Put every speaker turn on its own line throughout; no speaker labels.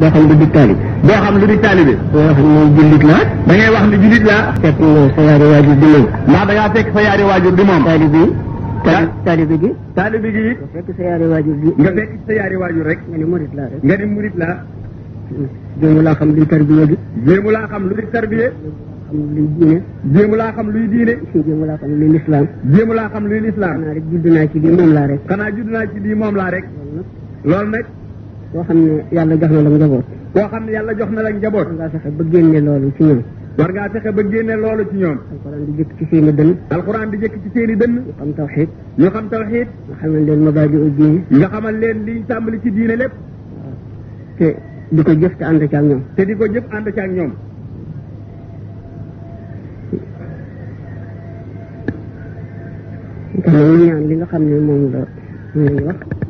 doo xam lu di taalibe doo xam lu di taalibe da ngay wax ni jullit laa da ngay wax ni jullit laa fekk nga sa yaari waajur di moom ndax da ngaa fekk sa yaari waajur di moom taalibe yi taalibe gi taalibe gi it nga fekk sa yaari waajur bi nga fekk sa yaari waajur rek nga ni murit laa rek nga ni murit laa jéemu laa xam luy tarbiye bi jéemu laa xam lu di tarbiye xam luy diine jéemu laa xam luy diine jéemu laa xam luy lislaam jéemu laa xam luy lislaam xanaa rek judd naa ci lii moom laa rek xanaa judd naa ci lii moom laa rek loolu nag koo xam ne yàlla jox na la njaboot. koo xam ne yàlla jox na la njaboot. war ngaa ba génne loolu ci ñoom. war ngaa fexe ba génne loolu ci ñoom. alxuraan di jëkk ci seen i dënn. alxuraan di jëkk ci seen i dënn. ñu xam tawxiid. ñu xam tawxiid. nga xamal leen mabaadi u diine. nga xamal leen liñ tàmbali ci diine lépp. te di ko jëf te ànd ci ñoom. te di ko jëf ànd ci ak ñoom.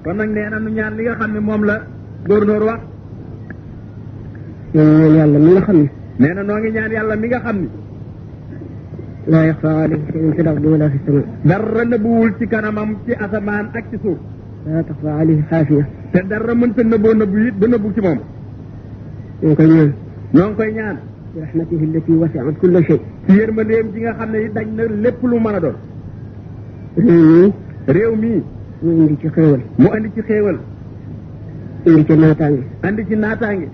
kon nag ñu ñaan nga xam ñaan li nga xam ne moom la. góor-góor wax. ñoo ngi ñaan mi nga xam ni. nee na noo ngi ñaan yàlla mi nga xam ni. laa yaxfaa alayhi shay'un fil ardi wala fis samaa. dara nëbbuwul ci kanamam ci asamaan ak ci suuf. laa taxfaa alayhi xaafiya. te dara mënta nëbboo nëbbu it ba nëbbu ci moom. ñoo ko koy ñaan. ñoo ngi bi rahmatihi allati wasi'at kulla shay. ci yërmandeem ji nga xam ne it dañ na lépp lu mën a doon. réew mii. réew mu indi ci xéewal. mu indi ci xéewal. indi ci naataange. andi ci naataange.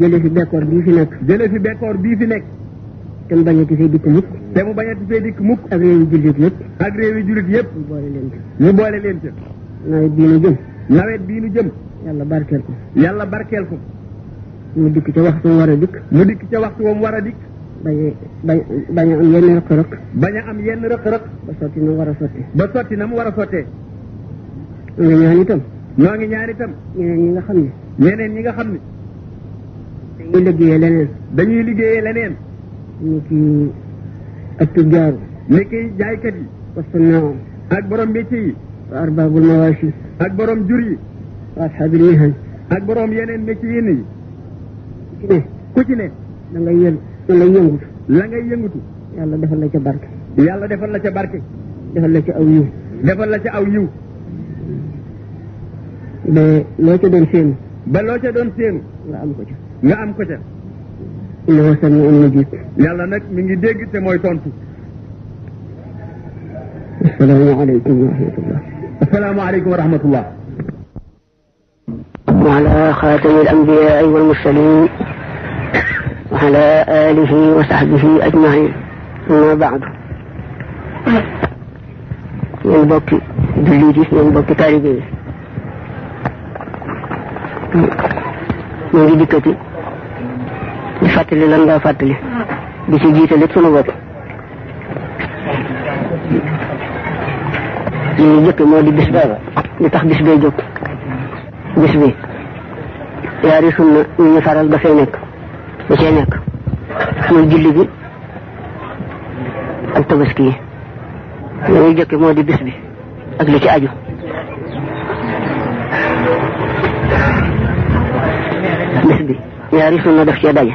jële fi bekkoor bii fi nekk. jële fi bekkoor bii fi nekk. te mu bañati fee dikk mukk. te mu bañati fee dikk mukk. ak jullit yëpp. ak réew jullit yëpp. ñu boole leen ca. nawet bii nu jëm. nawet bii nu jëm. yàlla barkeel ko. yàlla barkeel ko. mu dikk ca waxtu mu war a dikk. mu dikk ca waxtu mu war a dikk. bañ bañ am yenn rëq-rëq. bañ a am yenn rëq-rëq. ba sotti na mu war a sottee. ba sotti na mu war a sottee. nga noo ngi ñaar itam. ñeneen ñi nga xam ne. ñeneen ñi nga xam ne. dañuy liggéeyee leneen. dañuy liggéey leneen. ni ki ak tujjaar. ni ki jaaykat yi. wasanaaw. ak borom métier yi. wa arbaabul mawaasi. ak borom jur yi. wa ashaabil mihan. ak borom yeneen métier yi nii. ku ci ne. ku ci ne. da ngay la ngay yëngutu. yàlla defal la ca barke. yàlla defal la ca barke. defal la ca aw yiw. defal la ca aw yiw. ba loo ca doon séen. ba loo ca doon séen. nga am ko ca. nga am ko ca. innahu samiun mujib. yàlla nag mi ngi dégg te mooy tontu. asalaamaaleykum wa rahmatullah. asalaamaaleykum wa rahmatullah. wa ala xaatami al anbiyaai wal mursalin wa ala alihi wa sahbihi ajmain amma baadu. ñun bokki jullit yi ñun bokki taalibe yi Hm. ñu ngi dikkati di fàttali lan ngaa fàttali di ci jiitale sunu bopp li ñu jëkk moo di bis booba li tax bis bee jóg bis bi yaari sunna ñu ñu faral ba fee nekk ba cee nekk muy julli bi ak tabaski yi li ñu jëkk moo di bis bi ak li ci aju bis bi ñaari daf cee daje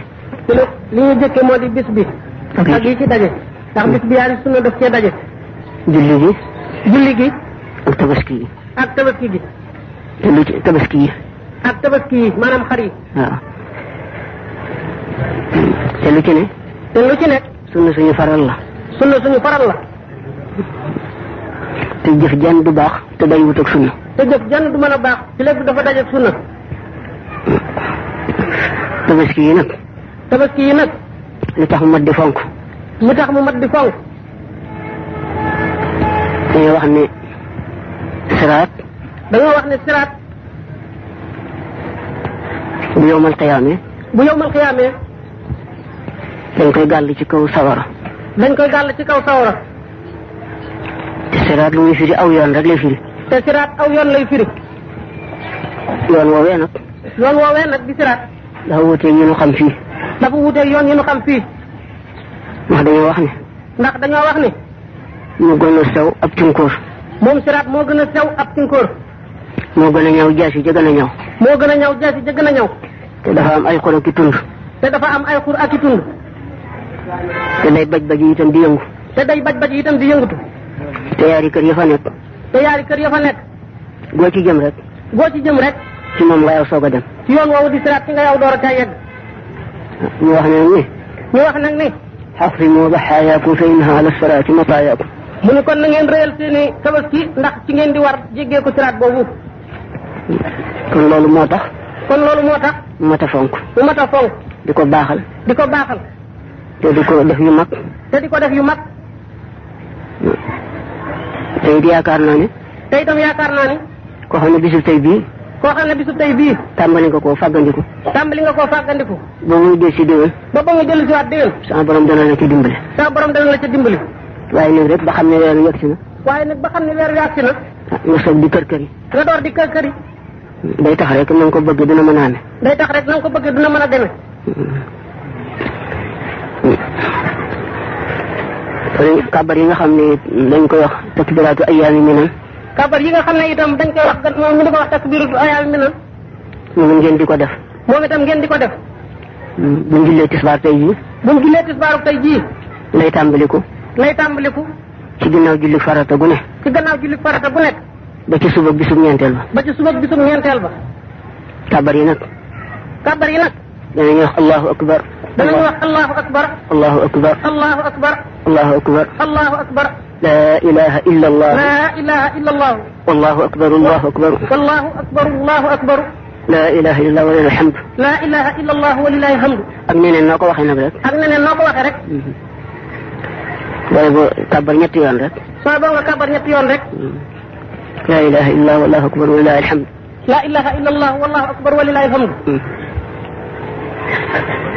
ñu ne li ñu jëkke moo di bis bi ak yi ci daje ndax bis bi ñaari daf cee daje julli gi julli gi ak tabaski yi ak tabaski gi te lu ak tabaski maanaam xar yi waaw te lu ci ne te lu ci ne sunna suñu faral la sunna suñu faral la te jëf jan du baax te day wut ak sunna te jëf jan du mën a baax ci lépp dafa daje tabaski yi nag. tabaski yi nag. lu tax ma mat di fonk. lu tax ma mat di fonk. dañoo wax ni siraat. dañoo wax ne siraat. bu yowmal xiyaamee. bu yowmal xiyaamee. dañ koy gàll ci kaw sawara. dañ koy gàll ci kaw sawara. te siraat lu muy firi aw yoon rek lay firi. te siraat aw yoon lay firi. yoon woowee nag. yoon woowee nag di siraat. dafa wuuteeg ñu nu xam fii. dafa wuuteeg yoon ñu nu xam fii. ndax dañoo wax ne. ndax dañoo wax ne. moo gën a sew ab cunkóor. moom siraat moo gën a sew ab cunkóor. moo gën a ñaw jaasi ja gën a ñaw. moo gën a ñaw jaasi ja gën a ñaw. te dafa am ay xur ak i tund. te dafa am ay xur ak i tund. te day baj baj yi itam di yëngu. te day baj baj yi itam di yëngutu. te yaari kër ya fa nekk. te yaari kër ya fa nekk. goo ci jëm rek. goo ci jëm rek. ci moom nga yow soog a dem. ci yoon woowu di siraat ci nga yow door a caa yegg. ñu wax nag ni. ñu wax nag ni. xasrimu baxaayaakum fa innaha ala siraati matayaakum. mu ne kon na ngeen rëyal seeni tabaski ndax ci ngeen di war jéggee ko siraat boobu. kon loolu moo tax. kon loolu moo tax. mu mat a fonk. mu mat a fonk. di ko baaxal. di ko baaxal. te di ko def yu mag. te di ko def yu mag. tey it yaakaar naa ne. te itam yaakaar naa ne. koo xam ne bisu tey bii. koo na ne bisu tey bii tàmbali nga koo fàggandiku tàmbali nga koo fàggandiku ba muy del si ba ba nga jël si waat déwén sa borom dana ca dimbali sa borom dana ca dimbali waaye nag rek ba xam ne weeru yegg si na waaye nag ba xam ne weeru yegg na ah, nga soog di kër kër yi nga door di kër kër yi day tax rek na ko bëgg dina mën a amee day tax rek na nga ko bëgg dina mën a demee hmm. kàbbar yi nga xam ne dañ koy wax takbiraatu ayyaami minan kabar yi nga xam ne itam dañ koy wax moom ñu di ko wax takbiiratu ayaal mi nan moom ngeen di ko def moom itam ngeen di ko def buñ jullee tisbaar tey jii buñ jullee tisbaaru tey jii lay tàmbaliku lay tàmbaliku ci ginnaaw julli ci gannaaw julli farata bu nekk ba ci suba bisum ñeenteel ba ba ci suba bisum ñeenteel ba kabar yi nag kabar yi nag danañu wax allahu akbar danañu wax akbar allahu akbar allahu akbar لا إله إلا الله لا إله إلا الله والله أكبر الله أكبر والله أكبر الله أكبر laa ilaha illa allah walil hamd laa ilaha illa allah walilahi hamd ak neneen noo ko waxee nag rek ak neneen noo ko waxee rek booy mhm. boo kàbbar ñetti yoon rek soo boo nga kàbbar ñetti yoon rek laa ilaha illa allah wallahu akbar walilahi alhamd laa ilaha illa allah wallahu akbar walilahi alhamd mhm.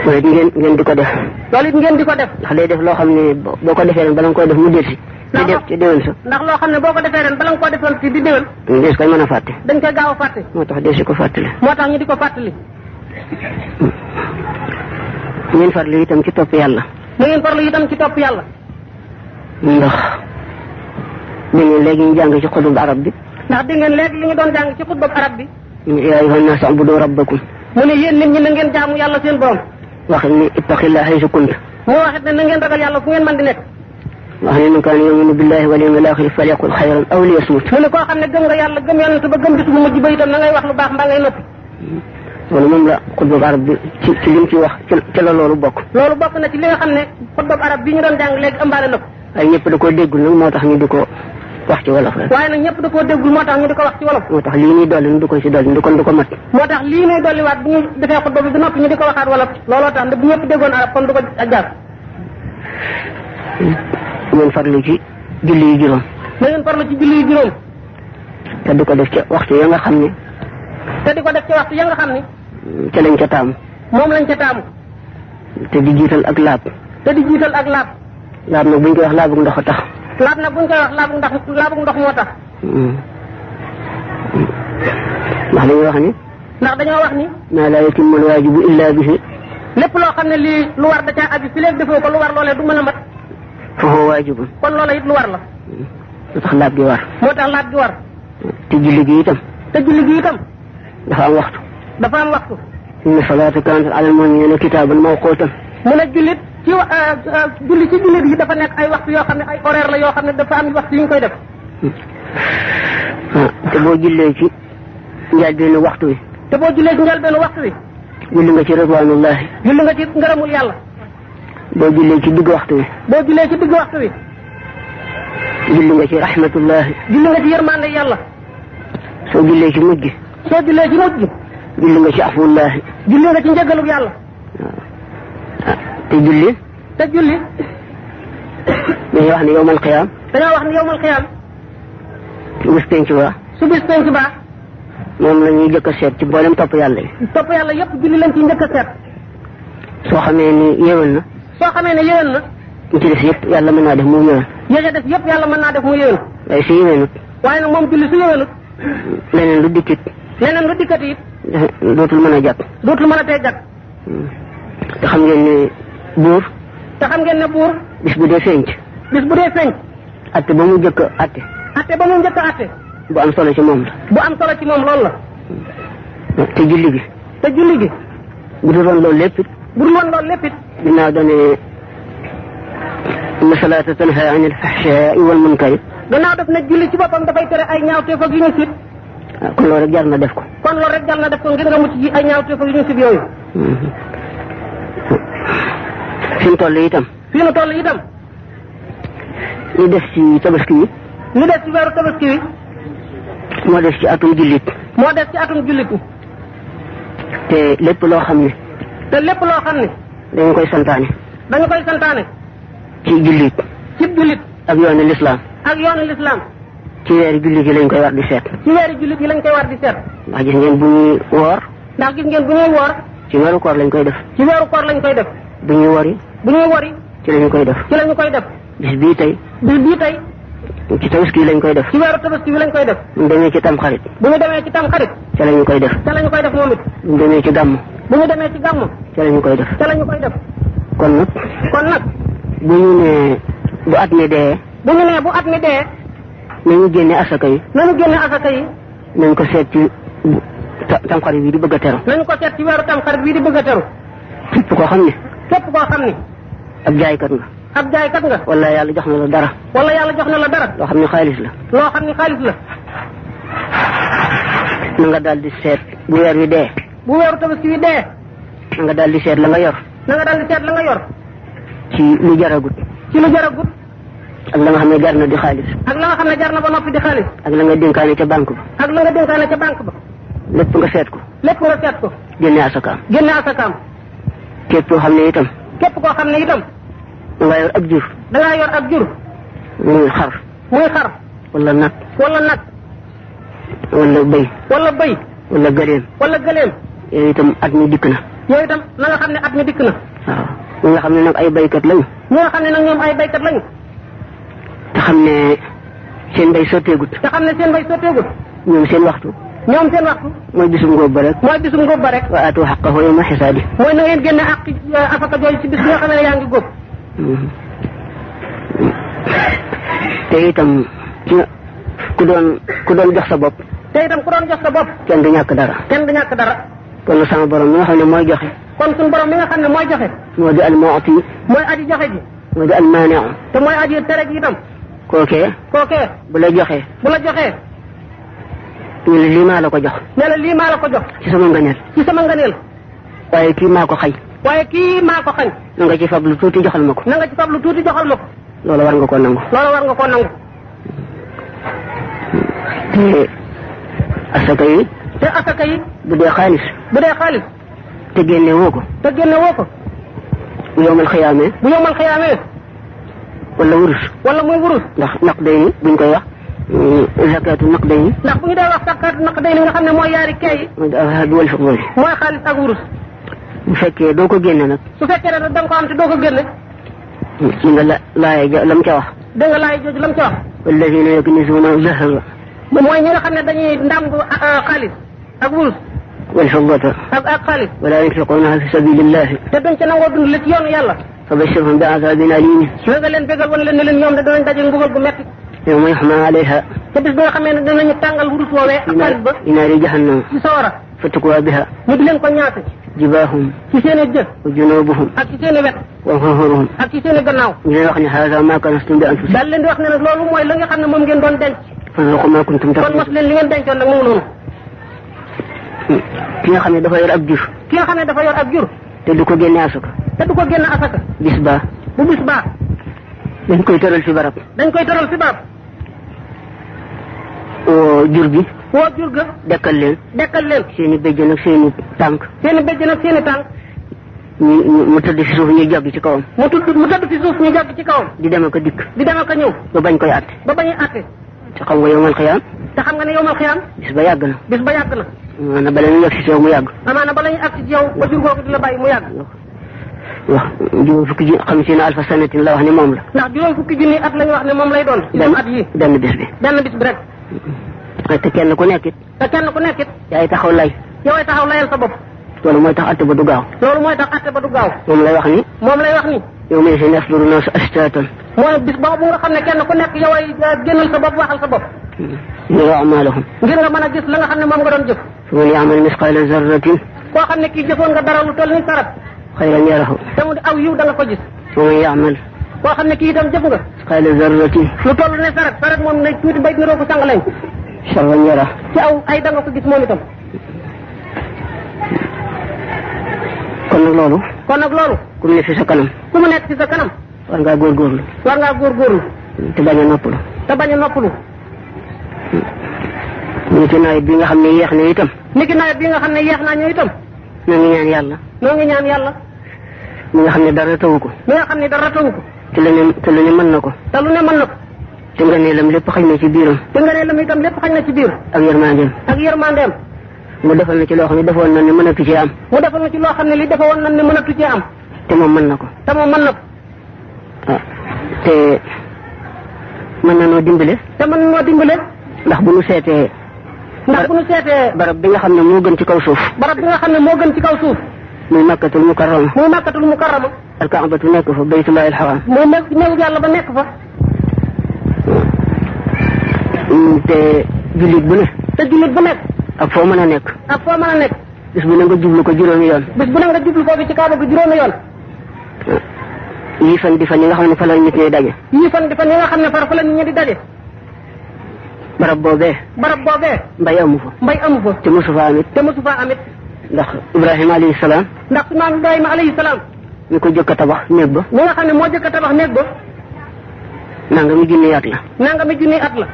loolu it ngeen ngeen di ko def loolu it ngeen di ko def ndax day def loo xam ne boo ko defee nag bala nga koy def mu delsi di def ci déwén sa ndax loo xam ne boo ko defee ren bala nga koo defoon fii di déwén dees koy mën a fàtte dañ koy gaaw a fàtte moo tax dees ko fàttali moo tax ñu di ko fàttali ngeen farlu itam ci topp yàlla na ngeen farlu itam ci topp yàlla ndax dangeen léegi ñu jàng ci xutub arab bi ndax di ngeen léegi li ñu doon jàng ci xutub arab bi yaa ayyuhan naas ubudu rabbakum mu ne yéen nit ñi na ngeen jaamu yàlla seen borom waxit ni ittaqillaa haysu kunt moo waxit ne na ngeen ragal yàlla fu ngeen mën di nekk wax ne man kaana yuminu billahi wal yawmil aaxiri falyaqul xayran aw liyasmut mu ne koo xam ne gëm nga yàlla gëm yonent ba gëm bis bu mujj ba itam na ngay wax lu baax mbaa ngay noppi loolu moom la xutbab arab bi ci ci lim ci wax ci la loolu bokk loolu bokk na ci li nga xam ne xutbab arab bi ñu doon jàng léegi ëmbaale na ko waaye ñëpp da koo déggul nag moo tax ñu di ko wax ci wolof rek waaye nag ñëpp da koo déggul moo tax ñu di ko wax ci wolof moo tax lii ñuy dolli ñu di ko si moo tax lii ñuy dolliwaat bu ñu defee xutba bi ba noppi ñu di ko kon du ko ngeen farlu ci julli yu juróom. na ngeen farlu ci julli yu juróom. te di ko def ca waxtu ya nga xam ne. te di ko def ca waxtu ya nga xam ne. ca lañ ca taamu. moom lañ ca taamu. te di jiital ak laab. te di jiital ak laab. laab nag buñ koy wax laabu ndox a tax. laab nag buñ koy wax laabu ndox moo tax. Mm. ndax dañoo wax ni. ndax dañoo wax ni. maa laa yatimul waajibu illaa bihi lépp loo xam ne lii lu war da caa abi fi léegi defoo ko lu war loolee du mën a mat foofu waajibul. kon loola it lu war la. moo hmm. tax laab gi war. moo tax laab gi war. te julli gi itam. te julli gi itam. dafa am waxtu. dafa am waxtu. inna salaata moo alal mu'miniina kitaaban mawquutan. mu ne jullit ci wa ah, ah, julli ci jullit yi dafa nekk ay waxtu yoo xam ne ay horaire la yoo xam ne dafa am waxtu yu ñu koy def. Hmm. Hmm. te boo jullee ci njëlbéenu waxtu wi. te boo jullee ci njëlbéenu waxtu wi. julli nga ci ridwaanullaahi. julli nga ci ngërëmul yàlla. boo jullee ci digg waxtu wi. boo jullee ci digg waxtu wi. julli nga ci rahmatullahi. julli nga ci yërmande yàlla. soo jullee ci mujj. soo jullee ci mujj. julli nga ci afullahi. julli nga ci njëggalu yàlla. Ah, te julli. te julli. dañuy wax ne yowmal qiyaam. dañoo wax ne yowmal qiyaam. su bis penc ba. su bis penc ba. moom la ñuy njëkk a seet ci mboolem topp yàlla yi. topp yàlla yëpp julli lañ ci njëkk a soo xamee ni yeewal soo xamee na yéwén na ñu ci def yëpp yàlla mën naa def mu yéwén yége def yëpp yàlla mën naa def mu yéwén waaye nag moom julli su yéwénut leneen lu dikkit leneen lu dikkat it dootul mën a jàpp dootul mën a tee jàpp te xam ngeen ne buur te xam ngeen ne buur bis bu dee feeñ bis bu dee feeñ atte ba mu jëkk atte atte ba mu njëkk atte bu am solo ci moom la bu am solo ci moom loolu la te julli gi te julli gi bu dul lool loolu lépp bu dul woon loolu lépp ginnaaw dane inna salaata tanha an alfaxshaai wal munkari gannaaw daf na julli ci boppam dafay tere ay ñaawteef ak yu ñu sib waaw ah, kon loolu rek jar na def ko kon loolu rek jar na def ko ngir nga mucc ci ay ñaaw ak yu ñu sib yooyu mm-hmm. fi toll itam fi mu toll itam li des ci tabaski yi li des ci weeru tabaski yi moo des ci atum jullit moo des ci atum jullit te lépp loo xam ne te lépp loo xam ne ngi koy santaane. dañu koy santaane. ci jullit. ci jullit. ak yoonu lislaam. ak yoonu lislaam. ci weeri jullit yi lañ koy war di seet. ci weeri jullit yi lañ koy war di seet. ndax gis ngeen bu ñuy woor. ndax gis ngeen bu ñuy woor. ci weeru lañ koy def. ci weeru koor lañ koy def. bu ñuy wori. bu ñuy wori. ci lañu koy def. ci lañu koy def. bis bii tey. bis ci kii lañ koy def. ci weeru tabaski bi lañ koy def. bu ñu demee ci tamxarit. ci tamxarit. ca la koy def. ca la ñu koy def moom demee ci gàmm. bu ñu demee ci gàmm. ca la ñu koy def. ca la koy def. kon nag. kon nag. bu ñu nee bu at mi dee. bu ñu nee bu at mi dee. nañu génne asaka yi. nañu génne asaka yi. nañ ko seet ci tamxarit bi di bëgg a teru. nañu ko seet ci weeru tamxarit bi di bëgg a teru. képp koo xam ne. képp koo xam ne. ab nga. ab jaaykat nga. wala yàlla jox na la dara. wala yàlla jox na la dara. loo xam ne xaalis la. loo xam ne xaalis la. na nga daal di seet. bu weer wi dee. bu weeru tabaski wi dee. na nga daal di seet la nga yor. na nga daal di seet la nga yor. ci lu jaragut. ci lu jaragut. ak la nga xam ne jar na di xaalis. ak la nga xam ne jar na ba noppi di xaalis. ak la nga dénkaane ca banque ba. ak la nga dénkaane ca banque ba. lépp nga seet ko. lépp nga seet ko. génne asakaam. génne asakaam. képp koo xam ne itam. képp koo xam ne itam. dangaa yor ab jur. yor ab jur. muy xar. muy xar. wala nag. wala nag. wala béy. wala béy. wala gëléem. wala gëléem. yooyu itam at mi dikk na. yooyu itam na xam ne at mi dikk na. waaw ñi nga xam ne nag ay béykat lañu. ñi nga xam ne nag ñoom ay béykat lañu. te xam ne seen mbay sotteegut. te xam ne seen mbay sotteegut. ñoom seen waxtu. ñoom seen waxtu. mooy bisum ngóob ba rek. mooy bisum ngóob ba rek. wa aatu xaqahu yawma xisaadi. mooy na ngeen génne àq eh, afaka jooju ci bis bi ne yaa ngi góob. te itam ku doon ku doon jox sa bopp. te itam ku doon jox sa bopp. kenn du ñàkk dara. kenn du ñàkk dara. kon sama borom mi nga xam ne mooy joxe. kon suñu borom mi nga xam ne mooy joxe. moo di almu'ti. mooy aji joxe ji. moo di almaani'u. te mooy aji tere ji itam. kookee. kookee. bu la joxee. bu la joxee. ñu ne lii maa la ko jox. ñu ne lii maa la ko jox. ci sama ngëneel. ci sama ngëneel. waaye kii maa ko xay. waaye kii maa ko xañ na nga ci fab lu tuuti ma ko na nga ci fab lu tuuti joxal ma ko loola war nga koo nangu loola war nga koo nangu te asaka yi te asaka yi bu dee xaalis bu dee xaalis te génne woo ko te génne woo ko bu yowmal xiyaamee wala wurus wala muy wurus ndax naq day ni buñ koy wax mm, zakatu naq day ni ndax bu ñu dee wax zakatu naq day ni nga xam ne mooy yaari kee yi mooy xaalis ak wurus bu fekkee doo ko génne nag. su fekkee ne nag da nga ko am te doo ko génne. li nga la laay jo la mu ca wax. da nga laay jooju la mu ca wax. wallazina yaknizuna zahaba. mooy ñi nga xam ne dañuy ndàmb xaalis ak wurus. wal fiddata. ak ak xaalis. wala yunfiqunaha fi sabilillahi. te duñ ca nangoo dund li ci yoonu yàlla. fabashirhum bi azabin alim. su nga leen bégal woon leen ne leen ñoom de danañ daje mbugal gu metti. yow ma yaxma alayha ca bis ba nga xamee ne danañu tàngal wurus woowee ba inaari jahannam ci sawara fatukuwaa biha ñu di leen i jë wa junubuhum ak ci seen i wet wa zuhuruhum ak ci seen gannaaw ñu leen wax ne haasa maa kanastum bi anfusikum daal leen di wax mooy la nga xam ne moom ngeen doon denc fazuqu maa kuntum nga xam ne dafa yor ab ki nga xam ne dafa yor ab te du ko génne asaka te du ko génne asaka bis baa bu bis baa dañ koy tëral fi barab dañ koy tëral fi barab woo jur gi. woo jur ga. dekkal leen. dekkal leen. seen i béjjën ak seen i tànk. seen i béjjën ak tànk. ñu mu tëdd si suuf ñu joggi ci kawam. mu tudd mu tëdd si suuf ñu joggi ci kawam. di dem ko dikk. di dem ak a ñëw. ba bañ koy àtte. ba bañ a àtte. te xam nga yowmal xiyaam. te xam nga ne yowmal xiyaam. bis ba yàgg na. bis ba yàgg na. maanaam bala ñuy agsi ci yow mu yàgg. amaana bala ñuy agsi ci yow. ba jur googu di la bàyyi mu yàgg. wax juróom fukki ji xam si ne alfa sanatin la wax ne moom la. ndax juróom at la wax ne moom lay doon. benn at yi te kenn ku nekk it. te kenn ku nekk it. yaay taxaw lay. yaay taxaw layal sa bopp. loolu mooy tax atte ba du gaaw. loolu mooy tax atte ba du gaaw. moom lay wax ni. moom lay wax ni. yow mii si neef lu dul noosu ashtaatan. mooy bis boobu nga xam ne kenn ku nekk yow ay génnal sa bopp waxal sa bopp. ngir amaalahum. ngir nga mën a gis la nga xam ne moom nga doon jëf.
su ma yaamal misqaala
zarratin. xam ne kii jëfoon nga dara lu toll ni tarab. xayran yarahu. te mu di aw yiw da nga ko gis. su ma koo xam ne kii itam jëf nga. xayma zarrati. lu toll ne sarat sarat moom ne tuuti béy niroo ko sang lañ. sharran yara. ci aw ay danga ko gis moom itam. kon nag loolu. kon nag loolu. ku mu nekk ci sa kanam. ku mu nekk ci sa kanam. war ngaa góorgóorlu. war ngaa góorgóorlu. te bañ a noppalu. te bañ a noppalu. niki nawet bi nga xam ne yéex na itam. niki nawet bi nga xam ne yéex naa ñu itam. noo ngi ñaan yàlla. noo ngi ñaan yàlla. mi nga xam ne dara tawu ko. mi nga xam te lu ne te lu mën na ko. te lu ne mën na ko. te nga ne lam lépp xaj na ci biiram. te nga ne lam itam lépp xaj na ci biir. ak yërmandeem. ak yërmandeem. mu defal na ci loo xam ne defoon ni ne mënatu cee am. mu defal na ci loo xam ne li defoon na ne mënatu cee am. te moom mën na ko. te moom mën na ko. ah te mën na noo dimbale. te mën na noo dimbale. ndax bu nu seetee. ndax bu nu seetee. barab bi nga xam ne moo gën ci kaw suuf. barab bi nga xam ne moo gën ci kaw suuf. muy makkatul mukarrama muy makkatul mukarrama alkaabatu nekk fa baytullaahil xaraam muy nekk néegu yàlla ba nekk fa mm, te jullit bu ne te jullit bu nekk ak foo mën a nekk ak foo mën a nekk bis bu ne nga jublu ko juróomi yoon bis bu ne nga jublu ko bi ci kaaba bi juróomi yoon yii fan di fan yi nga xam ne fa la nit ñi daje yii fan di fan yi nga xam ne far fa la nit ñi di daje barab boobee barab boobee mbay amu fa mbay amu fa te mosu fa amit te mosu fa amit ndax Ibrahima alayhi salaam. ndax maam Ibrahima alayhi salaam. ñu ko jëkk a tabax néeg ba. mi nga xam ne moo jëkk a tabax néeg ba. nangami junni at la. nangami junni at la.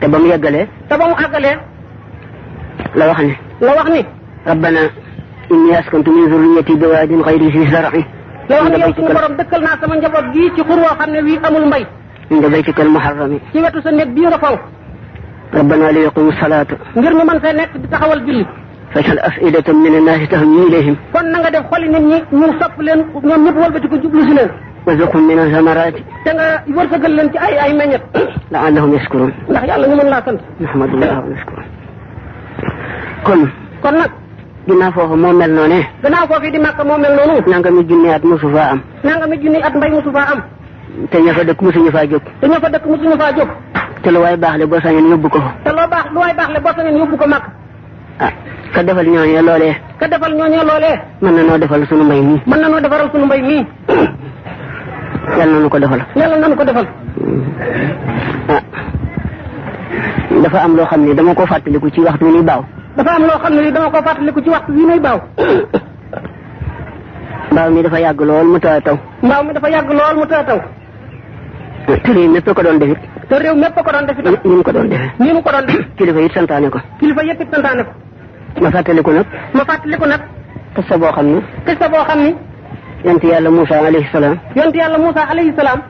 te ba mu yeggalee. te ba mu àggalee. la wax ni. la wax ni. rabbana inni askantu min zurriyati bi waadin xayri si zaraxi. la wax ni yow suñu borom dëkkal naa sama njaboot gii ci xur woo xam ne wii amul mbay. inda baytikal muharrami. ci wetu sa néeg bii nga faw. rabbana li yaqumu salaata. ngir mu mën fee nekk di fajal afidatan mina naasi tahwi ilayhim kon na nga def xoli nit ñi ñu sopp leen ñoom ñëpp walbati ko jublu si leen warzuqhum min asamaraati te nga wërsëgal leen ci ay ay meññet laallahum yashkurun ndax yàlla ñu mën laa sant alhamdulillah yashkurun kon kon nag ginnaaw foofu moo mel noonu ginnaaw foofu di màkk moo mel noonu nanga mi junni at mosu faa am nanga mi junni at mbay mosu faa am te ña fa dëkk mosuñu faa jóg te ña fa dëkk mosuñu faa jóg te lu waay baax le boo sañoon yóbbu ko te loo baax lu waay baax le boo sañoon yóbbu ko màkk ah ka defal ñooñee loolee. ka defal ñooñee loolee. mën na noo defal sunu mbay mii. mën na noo defaral sunu mbay mii. yàlla na nu ko defal. yàlla na nu ko defal. Mm-hmm. ah dafa am loo xam ne dama ko fàttaliku ci waxtu wi nuy baaw. dafa am loo xam ne dama ko fàttaliku ci waxtu wi nuy baaw. mbaaw mi dafa yàgg lool mu tooy taw. mbaaw mi dafa yàgg lool mu tooy taw. réew mépp ko doon defit ko doon defit ni mu ko ko doon defee kilifa yit santaane ko kilifa ko ma fàttaliku nag ma fàttaliku nag xista boo xam ne xista boo xam ni yont yàlla Moussa alayhi salaam yont yàlla Moussa alayhi salaam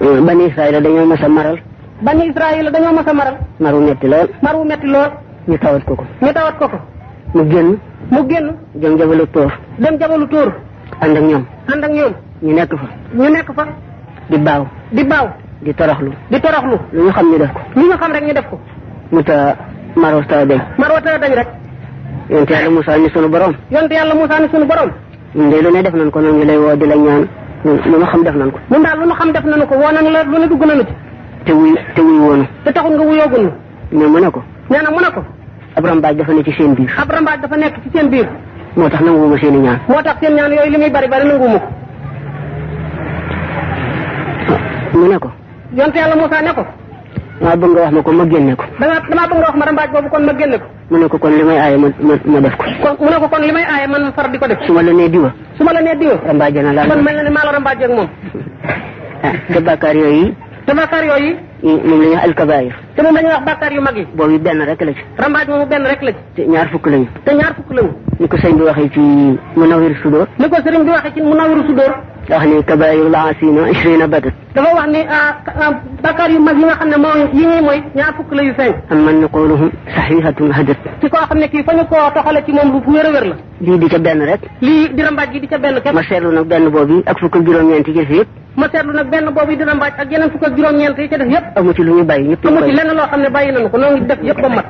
mm, bani Israaïla dañoo mas a maral bani Israaïla dañoo mas a maral maru metti lool maru metti lool ñu tawat ko ko ñu tawat ko ko mu génn mu génn dem jabalu tóor dem jabalu tóor ànd ak ñoom ànd ñu nekk fa ñu nekk fa di baaw di baaw di toroxlu di toroxlu lu ñu xam ñu def ko lu ñu xam rek ñu def ko mu ta maroo ta dañ maroo ta dañ rek yonte yàlla Moussa ni sunu borom yonte yàlla Moussa ni sunu borom ñun de lu ne def nañ ko noonu ñu lay woo di la ñaan lu nu xam def nañ ko ñun daal lu nu xam def nañu ko woo nañ la lu ne dugg nañu ci te wuy te wuy woonu te taxul nga wuyooguñu mais mu ne ko nee na mu ne ko ab rambaaj dafa ne ci seen biir ab rambaaj dafa nekk ci seen biir moo tax nanguwuma seen i ñaan moo tax seen ñaan yooyu li muy bari bari nanguwuma ko mu ne ko. yonte yàlla Moussa ne ko. maa bëgg nga wax ma ko ma génne ko. damaa damaa bëgg nga wax ma rambaaj boobu kon ma génne ko. mu ne ko kon li may aaye ma ma def ko. kon mu ne ko kon li may aaye man far di ko def. su ma la nee diwa. su ma la nee diwa. rambaaje na laal man mel na ne maa la rambaaje ak moom. ah te bàkkaar yooyu. te bàkkaar yooyu. moom la ñuy wax alkabaayir. te moom la ñuy wax bàkkaar yu mag yi. boobu benn rek la ci. rambaaj moomu benn rek la ci. te ñaar fukk lañu. te ñaar fukk lañu. ni ko sëñ bi waxee ci Munawir Sudóor. ni ko sëriñ bi waxee ci Munawir Sudóor wax ni kabaayirul asina ishrina badat dafa wax ni ah, ah, bakkaar yu mag yi nga xam ne moo yi ñuy mooy ñaar fukk la yu feeñ am man nuquluhum saxihatun hadat ci koo xam ne kii fa ñu koo toxale ci moom lu wér a wér la lii di ca benn rek lii di rambaaj gi di ca benn képp ma seetlu nag benn boobu ak fukk ak juróom-ñeent yi ci def yëpp ma seetlu nag benn boobu di rambaaj ak yeneen fukk ak juróom-ñeent yi ca def yëpp amu ci lu ñu bàyyi ñëpp amu ci lenn loo xam ne bàyyi nañu ko noo ngi def yëpp ba mat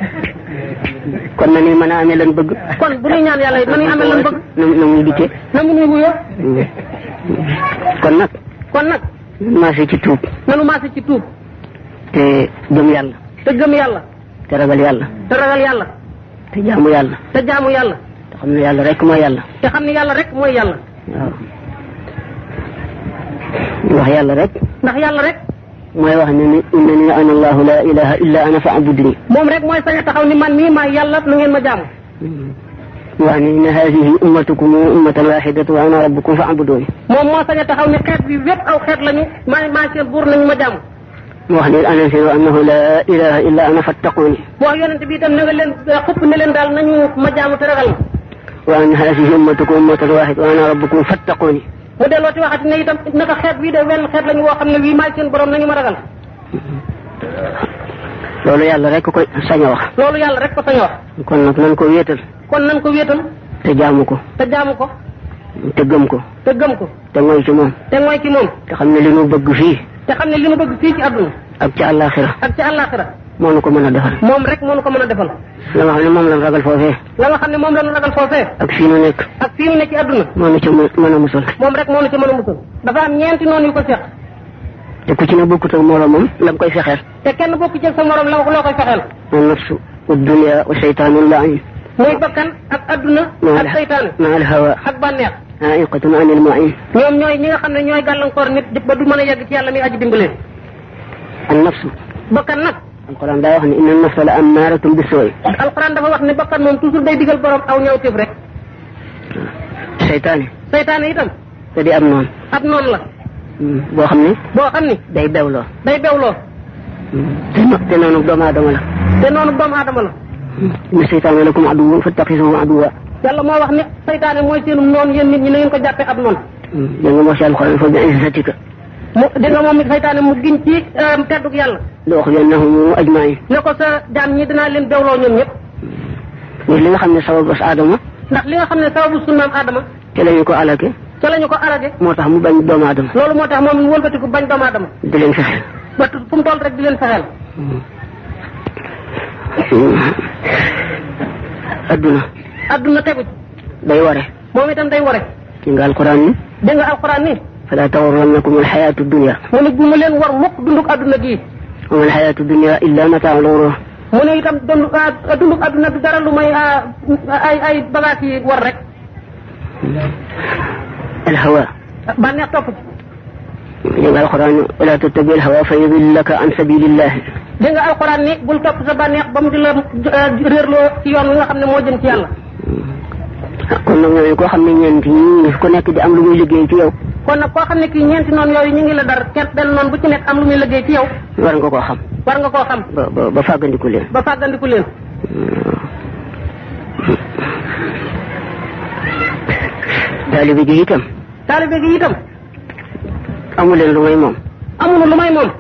kon na ni mën a amee lan bëgg kon bu ñuy ñaan yàlla it mën a amee lan bëgg na mu ñu dikkee na mu ñu wuyoo kon nag. kon nag. nanu maase ci tuub. nanu maase ci tuub. te gëm yàlla. te gëm yàlla. te ragal yàlla. te ragal yàlla. te jaamu yàlla. te jaamu yàlla. te xam ne yàlla rek mooy yàlla. te xam ne yàlla rek mooy yàlla. waaw. yàlla rek. ndax yàlla rek. mooy wax ne ni innani ana allahu la ilaha illa ana fa moom rek mooy sañ a taxaw ni man mii maa yàlla nu ngeen ma jaamu. Mm-hmm. wax ni inna haadihi ummatukum ummatan waahidatan wa ana rabbukum fa'buduun moom moo sañ a taxaw ne xeet bi wépp aw xeet lañu maa maa seen buur nañu ma jaamu. mu wax ni ana seeru annahu laa ilaaha illaa ana fattaquuni. wax yonent bi itam na nga leen xupp ne leen daal nañu ma jaamu te ragal ma. wa anna haadihi ummatukum ummatan waahidatan wa ana rabbukum fattaquuni. mu delloo ci waxati ne itam naka xeet bii de wenn xeet lañu woo xam ne wii maay seen borom nañu ma ragal. loolu yàlla rek ko sañ a wax. loolu yàlla rek ko sañ a wax. kon nag nañ ko wéetal. kon nan ko wéetal te jaamu ko te jaamu ko te gëm ko te gëm ko te mooy ci moom te mooy ci moom te xam ne li nu bëgg fii te xam ne li nu bëgg fii ci àdduna ak ci àllaaxira ak ci àllaaxira moo nu ko mën a defal moom rek moo nu ko mën a defan la nga xam ne moom lañ ragal foofee la nga xam ne moom lañ ragal foofee ak fii nu nekk ak fii nu nekk ci àdduna moo nu ci mën a musal moom rek moo nu ci mën a musal dafa am ñeenti noon yu ko seq te ku ci ne bokkut ak moroomam la koy fexeel te kenn bokku ci sa morom la loo koy fexeel an nafsu ad dunya wa shaytaanu laayin muy bakkan ak adduna. ak saytaane maal hawa ak bànneex. aiqatun anil muin. ñoom ñooy ñi nga xam ne ñooy gàllankoor nit ba du mën a yegg ci yàlla mi aji dimbale. an nafsu. bakkan nag. alquran daa wax ne inna nafsa la ammaratun bisooy. alquran dafa wax ne bakkan moom toujours day digal borom aw ñaw teef rek. saytaane. saytaane itam. te di am noonu. ab noonu la. Hmm, boo xam ni boo xam ne. day bewloo. day bewloo. Hmm, te noonu doom aadama la. te noonu doomu aadama la. inna seytaane lakum aduwwun fattaxisuhu aduwwa yàlla moo wax ne seytaane mooy seenum noonu yéen nit ñi na ngeen ko jàppee ab noonu da nga wax ci alxuraan fa bi izzatika mu di nga moom it seytaane mu gin ci teddug um, yàlla la wax yannahum ajmain ne ko sa jaam ñi dinaa leen bewloo ñoom ñëpp ndax mm. li nga xam ne sababu as aadama ndax li nga xam ne sababu sunnaam aadama te lañu ko alake ca lañu ko alage moo tax mu bañ doomu aadama loolu moo tax moom ku bañ doomu aadama di leen fexeel ba fu mu toll rek di leen fexeel mm. adduna. adduna tegu. day ware. moom itam day ware. ki nga alquran ni. dégg nga alquran ni. fala taxurrannakum alxayaatu dunya. mu ne bu mu leen war mukk dunduk adduna gii. wa alxayaatu dunya illa mataaul ghurur. mu ne dara lu may ay ay bagages alhawa. bànneex topp ci. dégg nga alxuraan ni wala tattabil hawa fa yudillaka an sabilillah dégg nga alxuraan ni bul topp sa bànneex ba mu di la eh, réerloo ci yoon wi nga xam ne moo jëm ci yàlla kon nag yooyu ko xam ne ñeent yi ku nekk am lu muy liggéey ci kon nag koo xam ne kii ñeenti noonu yooyu ñu ngi la dar kenn benn noonu bu ci nekk am lu muy liggéey ci yow war nga koo xam war nga koo xam ba ba fàggandiku leen ba fàggandiku leen taalibe gi itam taalibe gi itam amu leen lu may moom. amunu lu may moom.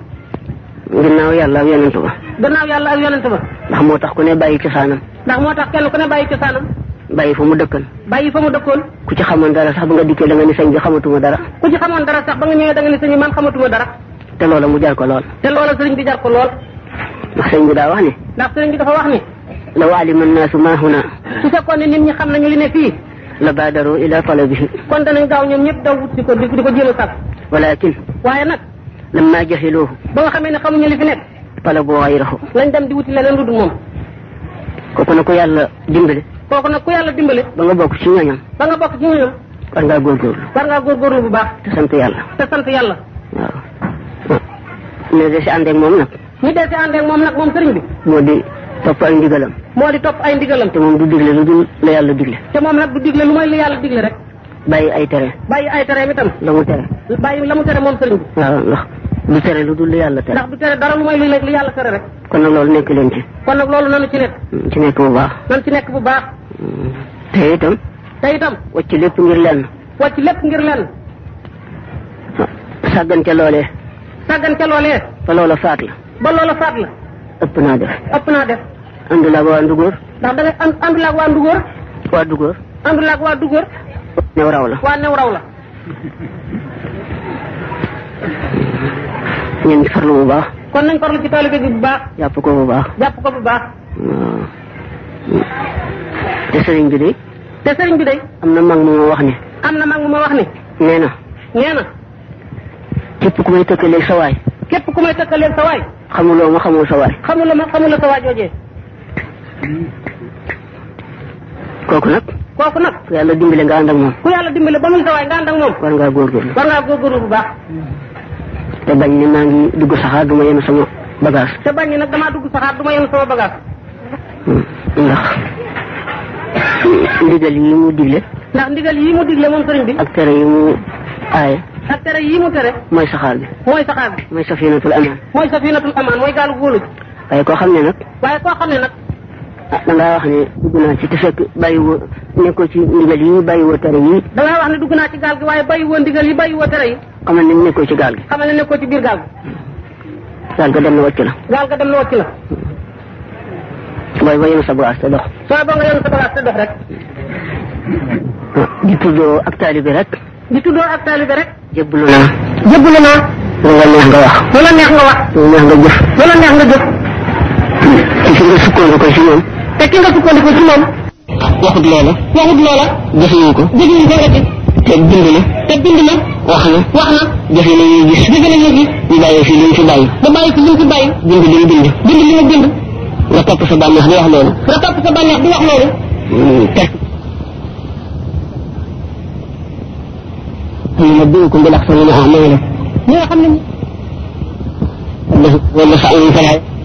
ginnaaw yàlla ak yonent ba. ginnaaw yàlla ak yonent ba. ndax moo tax ku ne bàyyi cosaanam. ndax moo tax kenn ku ne bàyyi cosaanam. bàyyi fa mu dëkkan. bàyyi fa mu dëkkoon. ku ci xamoon dara sax ba nga dikkee da nga ni sëñ bi xamatuma dara. ku ci xamoon dara sax ba nga ñëwee da nga ni sëñ bi man xamatuma dara. te loola mu jar ko lool. te loola sëriñ bi jar ko lool. ndax sëñ bi daa wax ni. ndax sëriñ bi dafa wax ni. la waalima naasu maa huna. su fekkoon ne nit ñi xam nañu li ne fii. la baadaru ila talabihi. kon danañ gaaw ñoom ñëpp daw wut di di ko jéem a sàkk. walakin waaye nag lamma jahiluuhu ba nga xamee ne nga li fi nekk talabu xayrahu lañ dem di wuti leneen lu dul moom kooku nag ku yàlla dimbale kooku nag ku yàlla dimbale ba nga bokk ci ñooñam ba nga bokk ci ñooñam war ngaa góorgóorlu war ngaa góorgóorlu bu baax te sant yàlla te sant yàlla waaw ñu dee si ànd moom nag ñu dee si ànd moom nag moom sëriñ bi moo di topp ay ndigalam moo di topp ay ndigalam te moom du digle lu dul la yàlla digle te moom nag du digle lu yàlla digle rek bàyyi ay tere. bàyyi ay tere itam. la mu tere. bàyyi la mu tere moom sëriñ bi. la ndax du tere lu dul tere. ndax du tere dara lu may lu nekk lu yàlla tere rek. kon nag loolu nekk leen ci. kon nag loolu nanu ci nekk. ci nekk bu baax. nan ci nekk bu baax. Mm. te itam. te itam. wàcc lépp ngir lenn. wàcc lépp ngir lenn. sàggan ca loolee. sàggan ca loolee. ba loola faat la. ba loola faat la. ëpp naa def. ëpp naa def. àndul ak waa Ndugóor. ndax dangay àndul ak waa Ndugóor. waa Ndugóor. àndul ak waa Ndugóor. new raw la waa new raw la ngeen ci farlu bu baax kon nañ farlu ci taalibe bi bu baax jàpp ko bu baax jàpp ko bu baax hmm. te sëriñ bi de te sëriñ bi de am na mag mu ma wax ne am na mag mu ma wax ne nee na nee na képp ku may tëkkaleeg sa waay képp ku may tëkkaleeg sa waay xamuloo ma xamul sa waay xamuloo ma xamuloo sa waay joojee kooku nag kooku nag ku yàlla dimbale nga ànd ak moom ku yàlla dimbale ba muy sawaay nga ànd ak moom war ngaa góorgóorlu war ngaa góorgóorlu bu baax te bañ ne maa ngi dugg saxaar du ma yenn sama te bañ nag damaa dugg saxaar du ma yenn hmm. ndax ndigal yi mu digle ndax ndigal yi mu digle moom sëriñ bi ak tere yi mu aaye ak tere yi mu tere mooy saxaar bi mooy saxaar bi mooy safinatul amaan mooy safinatul amaan mooy gaal góolu waaye koo xam ne nag waaye koo xam ne nag ah da ngaa wax ne dugg naa ci te fekk bàyyiwoo nekkoo ci ndigal yi bàyyiwoo tere yi. da ngaa wax ne dugg naa ci gaal gi waaye bàyyiwoo ndigal yi bàyyiwoo tere yi. xamal ne nekkoo ci gaal gi. xamal ne nekkoo ci biir gaal gi. gaal ga dem na wàcc gaal ga dem na wàcc la. booy sa bagaas te dox. sooy boo nga yéen sa bagaas te dox rek. di tuddoo ak taalibe rek. di tuddoo ak taalibe rek. jébbalu naa. jébbalu naa.
lu la nga wax.
lu la nga wax. lu la nga jëf. lu la nga jëf. nga sukkandiku ko ci ñoom. te ki nga sukkandiku ci moom. waxut loola. waxut loola. jëfewuñ ko. jëfewuñ ko rek. te bind na. te bind na. wax na. wax na. jëfe la ñuy gis. jëfe la ñuy gis. ñu bàyyi fi li mu fi bàyyi. ba bàyyi fi li mu fi bàyyi. bind li mu di wax loolu. nga topp sa di wax mm, te. xam nga bind ko mbalax sama loxo may la. ñi nga sa am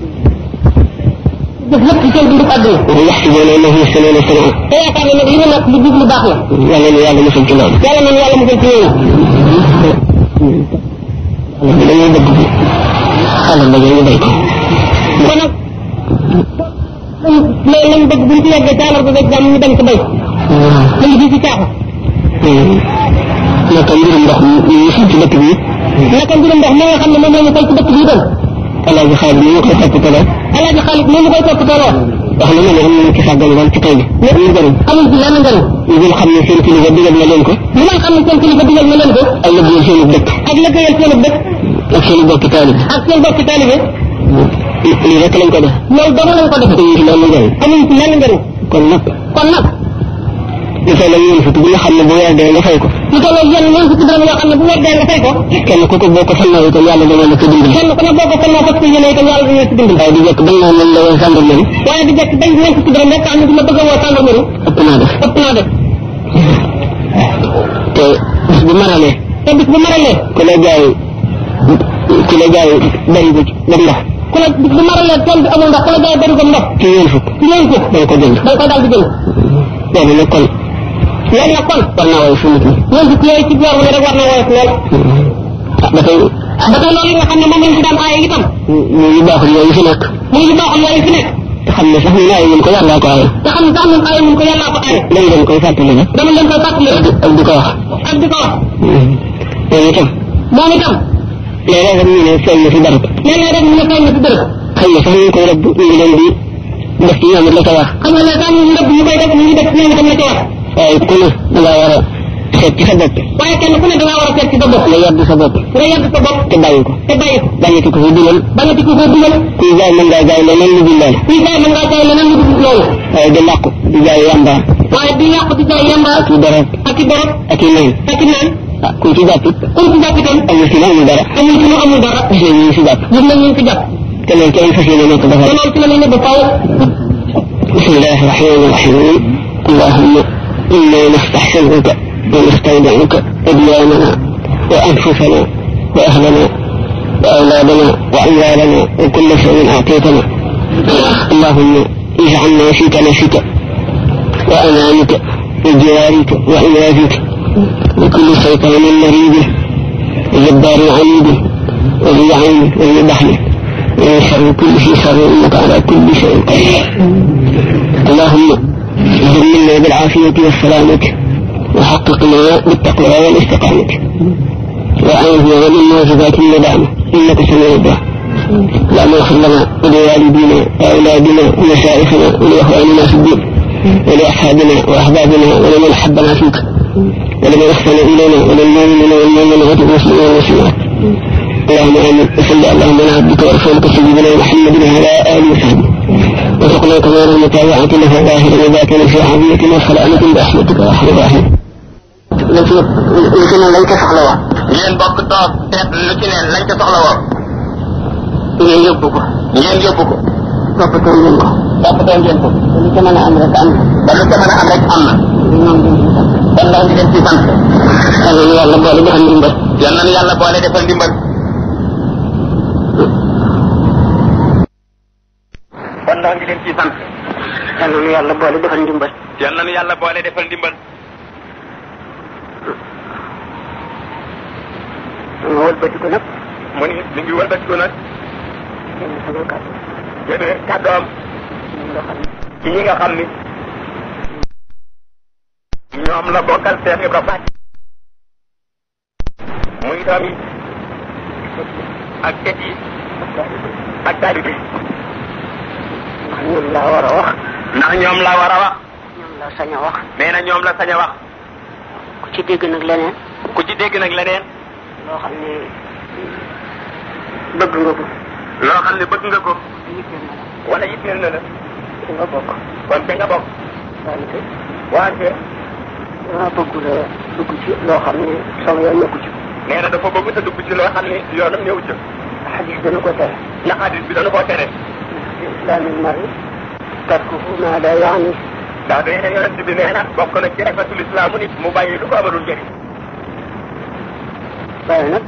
jëf lépp ci seen dundub àdduna. wala yaxsibuuna annahum yahsinuuna sanaa. te yaakaar ne nag li ñu nekk lu jub lu baax la. yàlla na yàlla musal ci loolu. yàlla na yàlla musal ci loolu. xale bi dañuy bëgg bi xale ba ñu béy ko. kon nag loolu lañ bëgg bu ñu ci yeggee ca àllarba beeg jàmm ñu dem ci béy. waaw mu ngi fii ci caaxu. Hmm. naka mbirum ndox mi ñu ci dëkk bi. naka mbirum ndox mi nga xam ne moom la ñu fay ci dëkk bi itam. alaaji xaalis ni mu koy toppatoo. alaaji xaalis ni mu koy toppatoo. wax na ma ne am nañu ci sàggan wàllu ci tey bi. amul njëriñ amul benn njëriñ. ñu ngi xam ne seen kilifa digal na leen ko. ñu ngi xam ne seen kilifa digal na leen ko. ak liggéeyal seen dëkk. ak liggéeyal seen dëkk. ak seen bokki taalibe. ak seen bokki taalibe. lii rek lañ ko def. loolu dama lañ ko def. amuñu ci benn njëriñ. amuñu ci benn njëriñ. kon nag. kon nag. li fay la ñu yëngatu bu nga xam ne bu weer dee nga fay ko ñu tolloog yenn ñeent fukki dërëm yoo xam ne bu weddee nga fay ko kenn ku ko boo ko fannoo itam yàlla dana la ko dindil kenn ku ne boo ko fannoo fas ko yéene itam yàlla dana la ko dindil waaye di jekk bañ naa la woon sàndar mënu waaye di jekk bañ ñeent fukki dërëm rek am na du ma bëgg a woo sàndar mënu ëpp naa def ëpp naa def te bis bu maralee te bis bu maralee ku la jaay ku la jaay bari bu dem ndox ku la bis bu maralee tool bi amul ndox ku la jaay bari bu ndox ci ñeent fukk ci ñeent fukk dañ ko jënd dañ ko daal di jënd loolu nag kon loolu nag kon war naa woyof nit ñi ñoom dëkk yooyu ci boor bu ne rek war naa woyof lool ah ba tey ah, ba tey loolu nga xam ne moom lañ ci daan aaye itam mu yu baaxul yooyu fi nekk mu yu baaxul yooyu fi nekk te xam ne sax ñun aaye wuñ ko yàllaa ko aaye te xam ne sax ñun aaye wuñ ko yàllaa ko aaye dañ leen koy fàttali ne dama leen koy fàttali ak di ko wax ak di ko wax hmm. moom itam moom itam léeg-léeg rek ñu ne feeñ na fi dërëb léeg-léeg rek ñu ne feeñ na fi dërëb xëy na sax ñu koy rëbb ñu ngi leen di def ci ñoom it la ko wax xam nga léeg-léeg ñu rëbb ñu koy def ñu ngi def ñoom itam la ko wax waaye ku ne da ngaa war a seet ci sa bopp. waaye kenn ku ne da ngaa war a seet ci sa bopp. nga yedd sa bopp. nga yedd sa bopp. te bàyyi ko. te bàyyi ko. bàyyi ko fi dugal. bàyyi ko fi dugal. kuy jaay mën ngaa jaay leneen lu dul loolu. kuy jaay mën ngaa jaay leneen lu dul loolu. waaye di làqu di jaay yàmbaa. waaye di làqu di jaay yàmbaa. ak i deret. ak i deret. ak i naan. ak i naan. ah kuy ci jàpp it. kuy ci jàpp itam. amul ci amul dara. amul ci amul dara. gis nañ ñu ngi si jàpp. gis nañ ñu ngi si jàpp. te loolu kenn fas yéene nekk dafa. te loolu ci la ñuy nekk faaw. بسم الله الرحمن الرحيم اللهم إنا نستحسنك ونستودعك أدياننا وأنفسنا وأهلنا وأولادنا وأموالنا وكل شيء أعطيتنا اللهم اجعلنا في كنفك وأمانك وجوارك وعياذك وكل سلطان مريض وجبار عنيد وذي عين وذي بحر ومن شر كل شيء شر إنك على كل شيء قدير اللهم اللهم لنا بالعافية والسلامة وحققنا بالتقوى والاستقامة وأعوذنا من موجبات الندامة إنك سميع الدعاء اللهم اغفر لنا ولوالدينا وأولادنا ومشايخنا ولإخواننا في الدين ولأصحابنا وأحبابنا ولمن حبنا فيك ولمن أحسن إلينا وللمؤمنين والمؤمنات والمسلمين والمسلمات اللهم آمين وصلى اللهم على عبدك ورسولك سيدنا محمد وعلى آله وصحبه وخلق غير المتابعة لفواهر وباطل في عظيمة وخلقنكم برحمتك وحر الرحيم lu ci lu ci ne lañ ko soxla woo ngeen bokk toog seet lu ci ne lañ ko soxla woo ngeen yóbbu ko ngeen yóbbu ko toppatoo ngeen ko toppatoo ngeen ko ba lu ca mën a am rek am na ba lu ca mën a am rek am na kon ndax ñu leen ci sant yàlla boole defal ndimbal yàlla na yàlla boole defal ndimbal loo ngi leen ci sant. yal na nu yàlla boole defal yal na nu yàlla boole defal ndimbal. mu wëlbatiku nag. mu ni mi ngi wëlbatiku nag. génn sama nga xam ni. ñoom la bokkal Cheikh Ibra Fall. muy doom yi. ak tët yi. ak taalibe yi. ñoom laa war a wax. ndax ñoom laa war a wax. ñoom la sañ a wax. nee na ñoom la sañ a ku ci dégg nag leneen. ku ci dégg nag leneen. loo xam ne bëgg nga ko. loo xam ne bëgg nga ko. wala yitteel na la. ci nga bokk. kon ci nga bokk. wante. wante. dama bëgg la dugg ci loo xam ne sama yoon nekku ci. nee na dafa bëgg te dugg ci loo xam ne yoonam ñëw ko tere. bi dana ko ihsaani l-mar'i tarkuhu maa laa ya'nihi. ndax dañu ne yonent bi nee na bokk na ci rafetul islaamu nit mu bàyyi lu ko amalul njëriñ. waaye nag.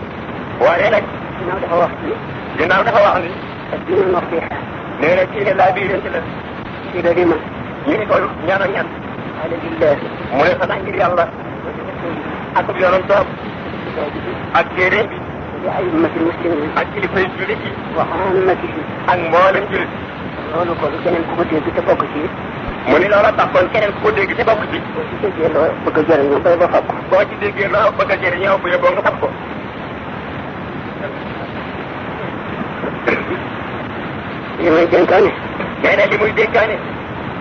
waaye nag. ginnaaw dafa wax ni. ginnaaw dafa wax ni. ad-diinu nasiiha. nee na diine laa biirante la. ci la di ma. ñu ne ko ñaan ak ñaan. alhamdulilah. mu ne xanaa ngir yàlla. ak yonentam. ak téere bi. wa aimmatil muslimin ak kilifay jullit yi wa ammatihi ak mboolem jullit loolu kon keneen ku ko dégg te bokk ci mu ni loola tax kon keneen ku ko dégg te bokk ci boo ci déggee loo bëgg a jëriñoo bay ba fab ko boo ci déggee loo bëgg a jëriñoo bu yeboo nga fab ko li muy dénkaane nee na li muy dénkaane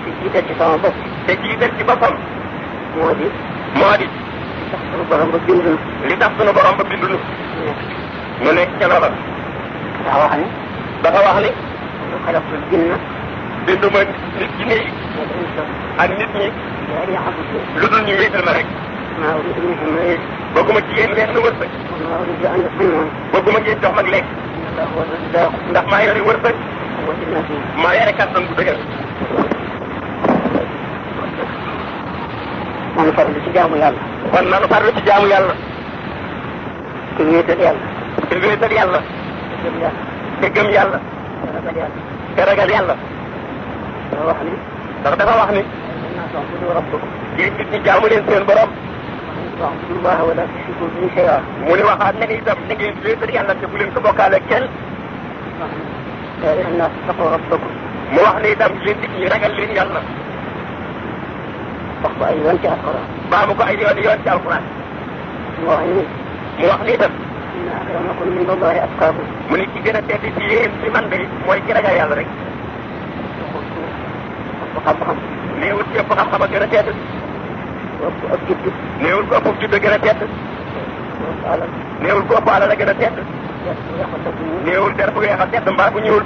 te jiital ci sama bopp te jiital ci boppam moo di moo li tax sunu ba bindunu li tax mu nekk ca loola. wax ni. dafa wax ni. lu xalaqtul jinna. binduma nit ñi nii. nit ñi. lu dul ñu wéetal ma rek. maa ngi leen di nuyu. bëgguma ci yéen leen lu wërsëg. maa ngi leen di nuyu. bëgguma ngeen mag lekk. ndax maa yore wërsëg. maa yore kàttan bu dëgër. nanu farlu ci jaamu yàlla. kon nanu farlu ci jaamu yàlla. te wéetal yàlla. déglu tëdd yàlla. te gëm yàlla. te ragal yàlla. dafa wax ni. ndax dafa wax ni. ci ci jaamu leen seen borom. mu ne waxaat na ni itam na ngeen wéetal yàlla te bu leen ko wax ni itam yéen nit ñi ragal leen yàlla. wax ko ay yoon ci alxuraan. baamu ko ay yoon ci alxuraan. mu wax ni. mu mu ne ci gën a tedd ci yéen ci man de mooy ci ragal yàlla rek. xam-xam. néewul képp xam-xam a gën a tedd. ëpp ak judd. néewul ko ëpp judd a gën a tedd. néewul ko ëpp alal a gën a tedd. néewul der bu weex a tedd mbaa bu ñuul.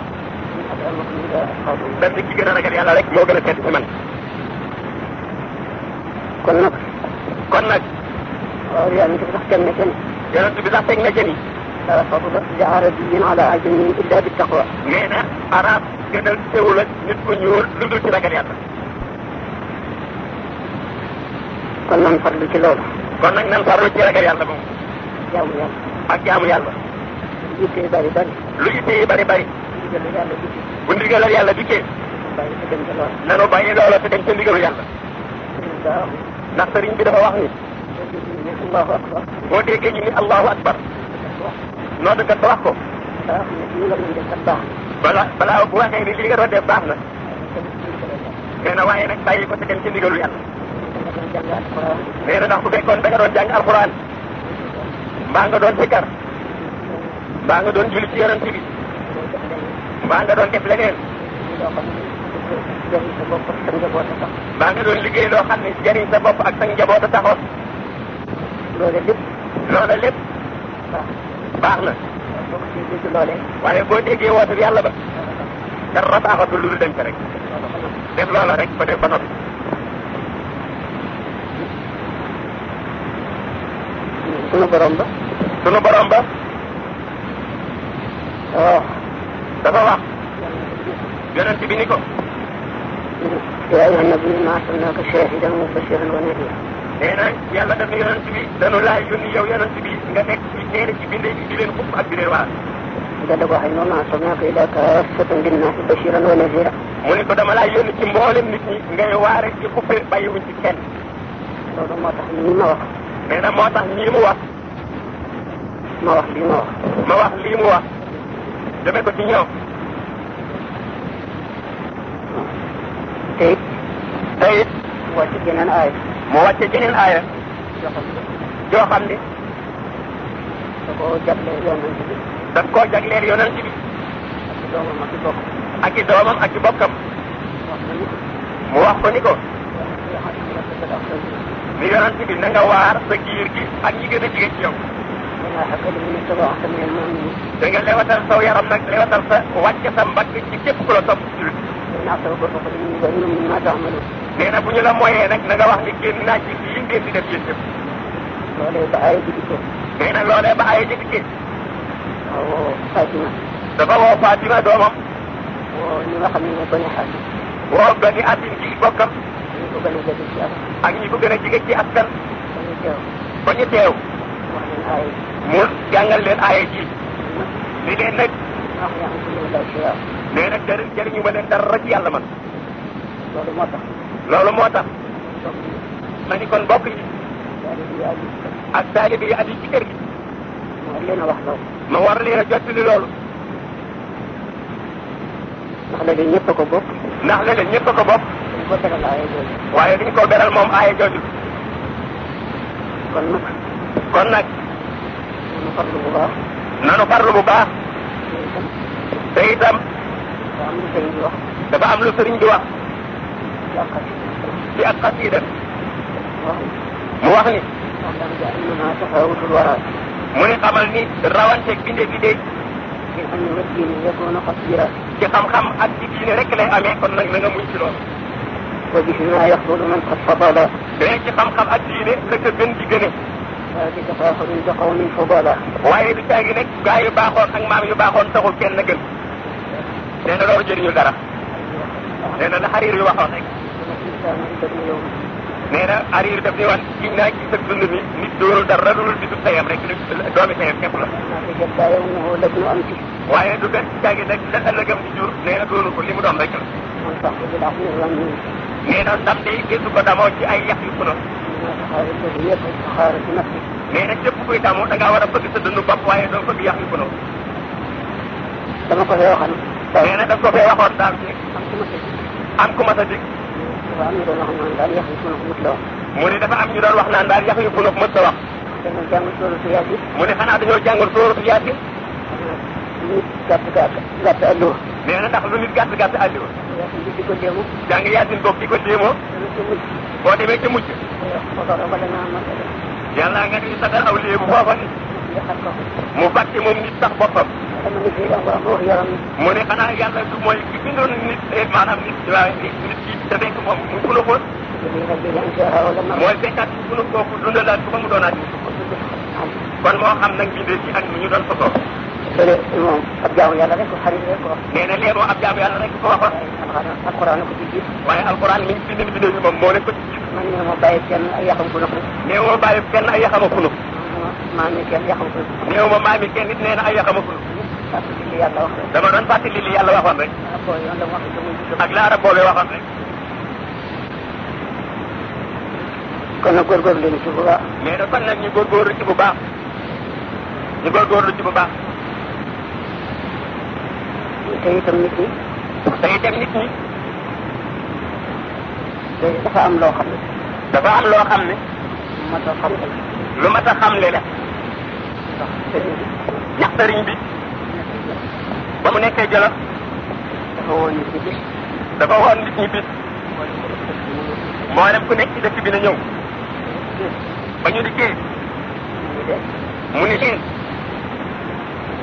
benn ci gën a ragal yàlla rek moo gën a tedd ci man. kon nag. kon nag. waaw yàlla na ko sax kenn kenn. yonent bi sax teg na jën yi. dara foofu la li arabiyin ala ajamiyin illa bi taqwa. nee na arab gënal teewul nit ku ñuul lu dul ci ragal yàlla. kon nan farlu ci loolu. kon nag nan farlu ci ragal yàlla moom. jaamu yàlla. ak jaamu yàlla. lu yitte yi bari bari. lu yitte bari bari. ndigalal yàlla dikkee. bu ndigalal yàlla dikkee. bàyyi te dem ca loola. nanu bàyyi loola te dem ca ndigalu yàlla. ndax sëriñ bi dafa wax ni. allahu akbar boo déggee ñu ni allahu akbar noonu kat wax ko balaa balaa bu waxee ni li nga doon baax na nee na bàyyi ko sa dem ci ndigalu yàlla nee na ndax bu fekkoon da nga doon jàng alquran mbaa nga doon sikkar mbaa nga doon julli ci yonent bi mbaa nga doon def leneen mbaa nga doon liggéey loo xam ne jëriñ sa bopp ak sa njaboot loola lépp. loola lépp. baax na. waaye boo déggee woote bi yàlla ba. dara baaxatul lu dul dem rek. def loola rek ba def ba noppi. sunu borom ba. sunu borom ba. waaw. Oh. dafa wax. yonent bi ni ko. yaa ayyuhan nabiyyu inna arsalnaaka shaahidan wa bashiran wa nadiiran nee na yàlla dafa yonent bi danu laay yónni yow yonent bi nga nekk ci nee na ci bindee ci di leen xupp ak di leen waar jadda boo xam noonu arsalnaaka illaa kaaffatan linnaasi bashiran wa naziran mu ne ko dama laa yónni ci mboolem nit ñi ngay waare ci xuppe bàyyiwuñ ci kenn loolu moo tax nii ma ma wax lii ma wax ma wax lii mu wax deme ko ci ñoom mu wàcce jeneen aaya joo xam ne da koo jagleel yonent bi da koo jagleel mu wax ko ni ko ni yonent bi na nga waar sa giir gi ak ñi gën a jege ci yow da nga lewatal saw yaram nag lewatal sa wàcce sa mbagg ci képp ginnaaw sama bopp ko ñu ba ñoom ñu ma tax ma nee na bu la moyee na nga wax ni génn naa ci li ngeen di ba aye jigi kër. nee na ba aye jigi kër. waaw woo oh, Fatima. dafa woo oh, nga xam ne ñoo gën a xaar. woo gën a abin ci bokkam. ñi ko gën a jege ci askan. ak ñi ko gën a jege ci leen aaye ji. li leen nag nee nag jëriñ jëriñu ma leen dara ci yàlla loolu moo tax. loolu moo tax. ma kon bokk yi. ak taalibe yi aju ci kër gi. ma war leen a wax loolu. ma war leen a jottali loolu. ndax léegi ñëpp ko bokk. ndax léegi ñëpp ko bokk. dañ ko beral ko beral moom aaye jooju. kon nag. kon nag. nanu farlu bu baax. te itam dafa am lu sëriñ bi wax ci ak xasida mu wax ni mu ni xamal ni rawante binde bi de ci xam-xam ak ci diine rek lay amee kon nag na nga muñ ci loolu wa gis naa yaxtulu man qad fadala danañ ci xam-xam ak diine la ko gën di gëne ذلك فاخر عند قوم فضلا waaye bi caagi nag gaa yu baaxoon ak maam yu baaxoon taxul kenn gën nee na loolu jëriñu dara nee na la xariir yu waxoon rek nee na xariir daf ni wan gis naa ci sa dund mi nit dóorul dara lu dul bisu sayam rek doomi sayam képp waaye du gën caagi nag la ëllëgam di jur nee na dóorul li mu doon rek la nee na ndam de gisu ko damoo ci ay yàq yu ko doon. mais nag képp kuy damoo da ngaa war a bëgg sa dund bopp waaye doo bëgg yàq yu ko doon. dama ko fee waxoon. nee na da ko fee waxoon daal ci. am ku ma sa dig. am ku ma sa dig. mu ne dafa am ñu doon wax naan daal yàq yu ko doon mës a wax. mu ne xanaa dañoo jàngal sóoratu Yaasin. mu ne xanaa dañoo jàngal sóoratu Yaasin. nit gàtt gàtt nee na ndax lu nit gàtt gàtt àlliwa. yaa ngi yaasin boog di ko déemoo. boo demee ca mujj. yàlla nga ni sa aw léebu foofa ni mu fàtte moom nit sax boppam. mu ne xanaa yàlla du mooy ki bindoon nit eh, maanaam nit waaye nit ki te fekk moom mu ku la xool. mooy fekkaat ku la kooku dundalaat ko ba mu doonaat. kon moo xam nag bindee ci ak nu ñu doon sosoo. léegi moom ab yàlla rek ko xarit rek ko wax. yàlla rek ko waxoon. alxuraan ko ci jiit. waaye alxuraan li ci bind bindee bi moom moo leen ko ci jiit. man ne moo bàyyi kenn ay yaxam ku ndox rek. bàyyi kenn ay yaxam ku ndox. maa mi kenn yaxam ku ndox. nee ma maa mi kenn it nee na ay yaxam ku ndox. fàttali li yàlla wax rek. dama doon fàttali li yàlla waxoon rek. ak la arab boobee waxoon rek. kon nag góorgóorlu leen ci bu baax. nee na kon nag ñu góorgóorlu ci bu baax. ñu góorgóorlu ci bu baax. te itam nit ñi. te itam nit ñi. dafa am loo xam ne. dafa am loo xam ne. lu mat la. ndax bi. ba mu nekkee Jolof. dafa woon nit ñi bis. dafa woon nit ñi bis. moo dem nekk ci dëkk bi na ñëw. ba ñu dikkee. mu ni leen.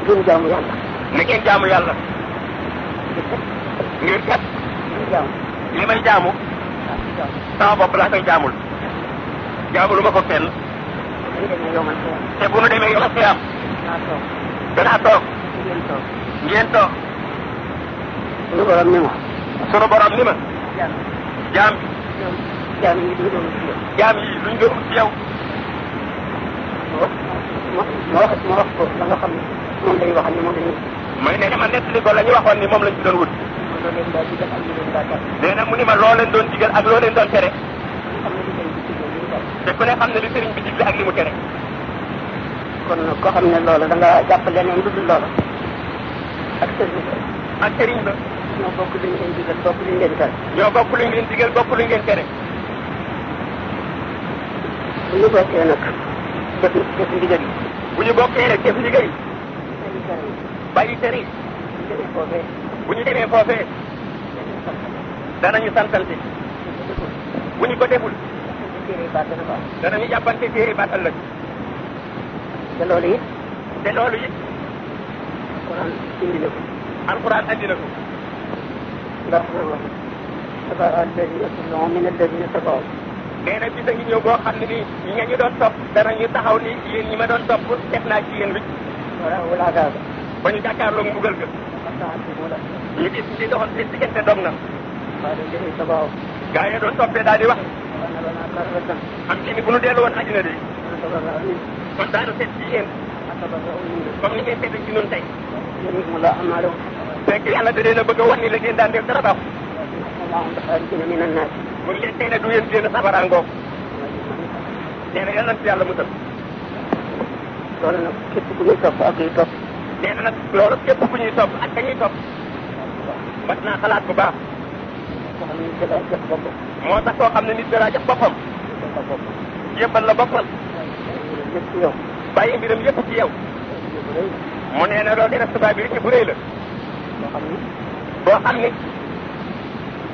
ngeen jaamu yàlla. na ngeen jaamu yàlla. ngir kat li may jaamu sama bopp laa koy jaamul jaamulu ma ko kenn te bu nu demee yomal xiyaam danaa toog ngeen toog sunu borom ni ma sunu borom ni ma jaam jaam yi duñ doon ci yow jaam yi duñ doon ci yow ma wax ma wax ko la nga xam ne mooy ne dama nettali ko la ñu waxoon ni moom lañ ci doon wut. nee na mu ni ma loo leen doon digal ak loo leen doon tere. te ku ne xam ne li sëriñ bi digle ak mu tere. kon koo xam ne loolu da nga jàpp leneen lu dul loolu. ak sëriñ ba. ñoo bokk luñ leen digal bokk luñ leen tere. ñoo bokk luñ leen digal bokk luñ leen tere. bu ñu bokkee nag. def def ndigal bàyyi kër yi. bu ñu demee foofee. danañu santante. bu ñu ko deful. danañu jàppante téere baat ëllëg. te loolu it. te loolu it. alxuraan indi na ko. alxuraan indi na ko. ndax sabaa alladi aslam min alladina tabaw. nee na bis a ngi ñëw boo xam ne ni ña ñu doon topp danañu taxaw ni yéen ñi ma doon topp def naa ci yéen rek. voilà wala ba ñu jàkkaarloog mbugal ga. ñu di di doxal di diggante dog na. gaa doon toppee daal di wax. am ci ni bu nu dellu woon àddina de. kon daanu seet ci yéen. ni ngeen seetlu ci ñun tey. fekk yàlla da leen a bëgg a wax ni la ngeen daan def dara baax. mu ngi leen tey ne du yéen seen safara ngoog. nee na yàlla na si yàlla musal. loolu nag képp ku ñuy topp ak kuy topp. nee na nag loolu képp ku ñuy topp ak kañuy topp mat naa xalaat bu baax. moo tax koo xam ne nit dara jox boppam. jébbal la boppam. bàyyi mbiram yëpp ci yow. mu nee na loolu responsabilité bu rëy la. boo xam ni.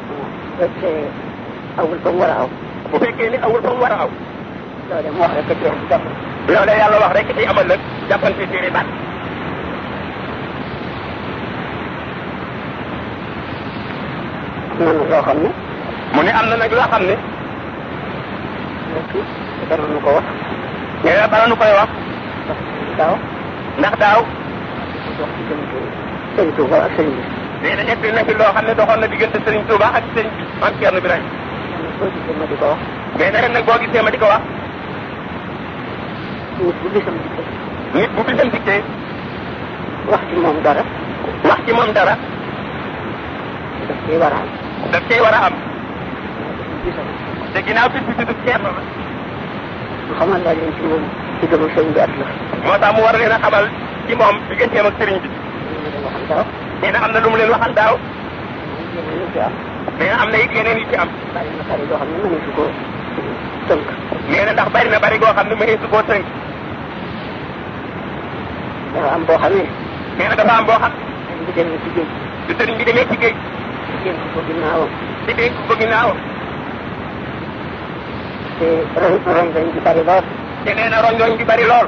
bu fekkee awul fa mu war a aw. bu fekkee ni awul fa mu war a aw. loolee moo wax rek ci yow jàpp. loolee yàlla wax rek ci amal nag jàppante téere baat. mën na soo xam ne. mu ne am na nag loo xam ne. dara nu ko wax. mais eh, daal dara nu koy wax. daaw. ndax daaw. sëriñ Touba bi. mais da nekk na fi loo xam ne doxoon na diggante sëriñ Touba ak sëriñ bi man Thierno Birahim. boo gisee ma di ko wax. mais nag nag di ko wax. nit bu bisam dikkee. nit wax ci moom dara. wax ci moom dara. daf cay war a am. te ginnaaw bi bi tudd ceeb. bu xamal laa leen ci moom ci gëm sëñ bi at la. moo tax mu war leen a xamal ci moom digganteem ak sëriñ bi. nee na am na lu mu leen waxal daaw. nee na am na it yeneen yu ci am. nee na ndax bari na bari goo xam ne mëneesu koo tënk. dafa am boo xam ne. nee na dafa am boo xam. sëriñ bi demee ci géej. te sëriñ bi demee ci géej. dénk ko ginnaawam. di dénk ko ginnaawam. te rongoñ bi bari lool. te nee na rongoñ bi bari lool.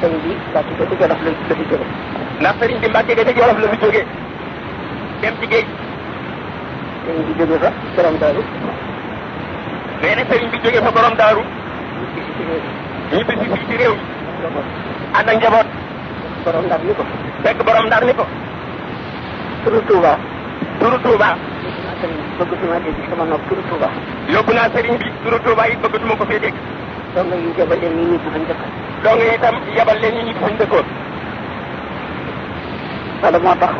sëriñ bi Mbacke Gede Jolof la la fi jóge. ndax sëriñ bi Mbacke Gede Jolof la fi jóge. dem ci géej. sëriñ bi jóge fa borom daaru. nee na sëriñ bi jóge fa borom daaru. ñu bisi ci réew mi. ànd ak njaboot. borom ndar ni ko. fekk borom ndar ni ko. turu Touba. turu Touba. bëggatuma dégg sama nopp turu Touba. yóbbu naa sëriñ bi turu Touba it bëggatuma ko fee dégg. dong yi yabal leen ñu ñibbi fañ dëkkoon. dong yi itam yabal leen ñu ñibbi fañ dëkkoon. loolu moo tax.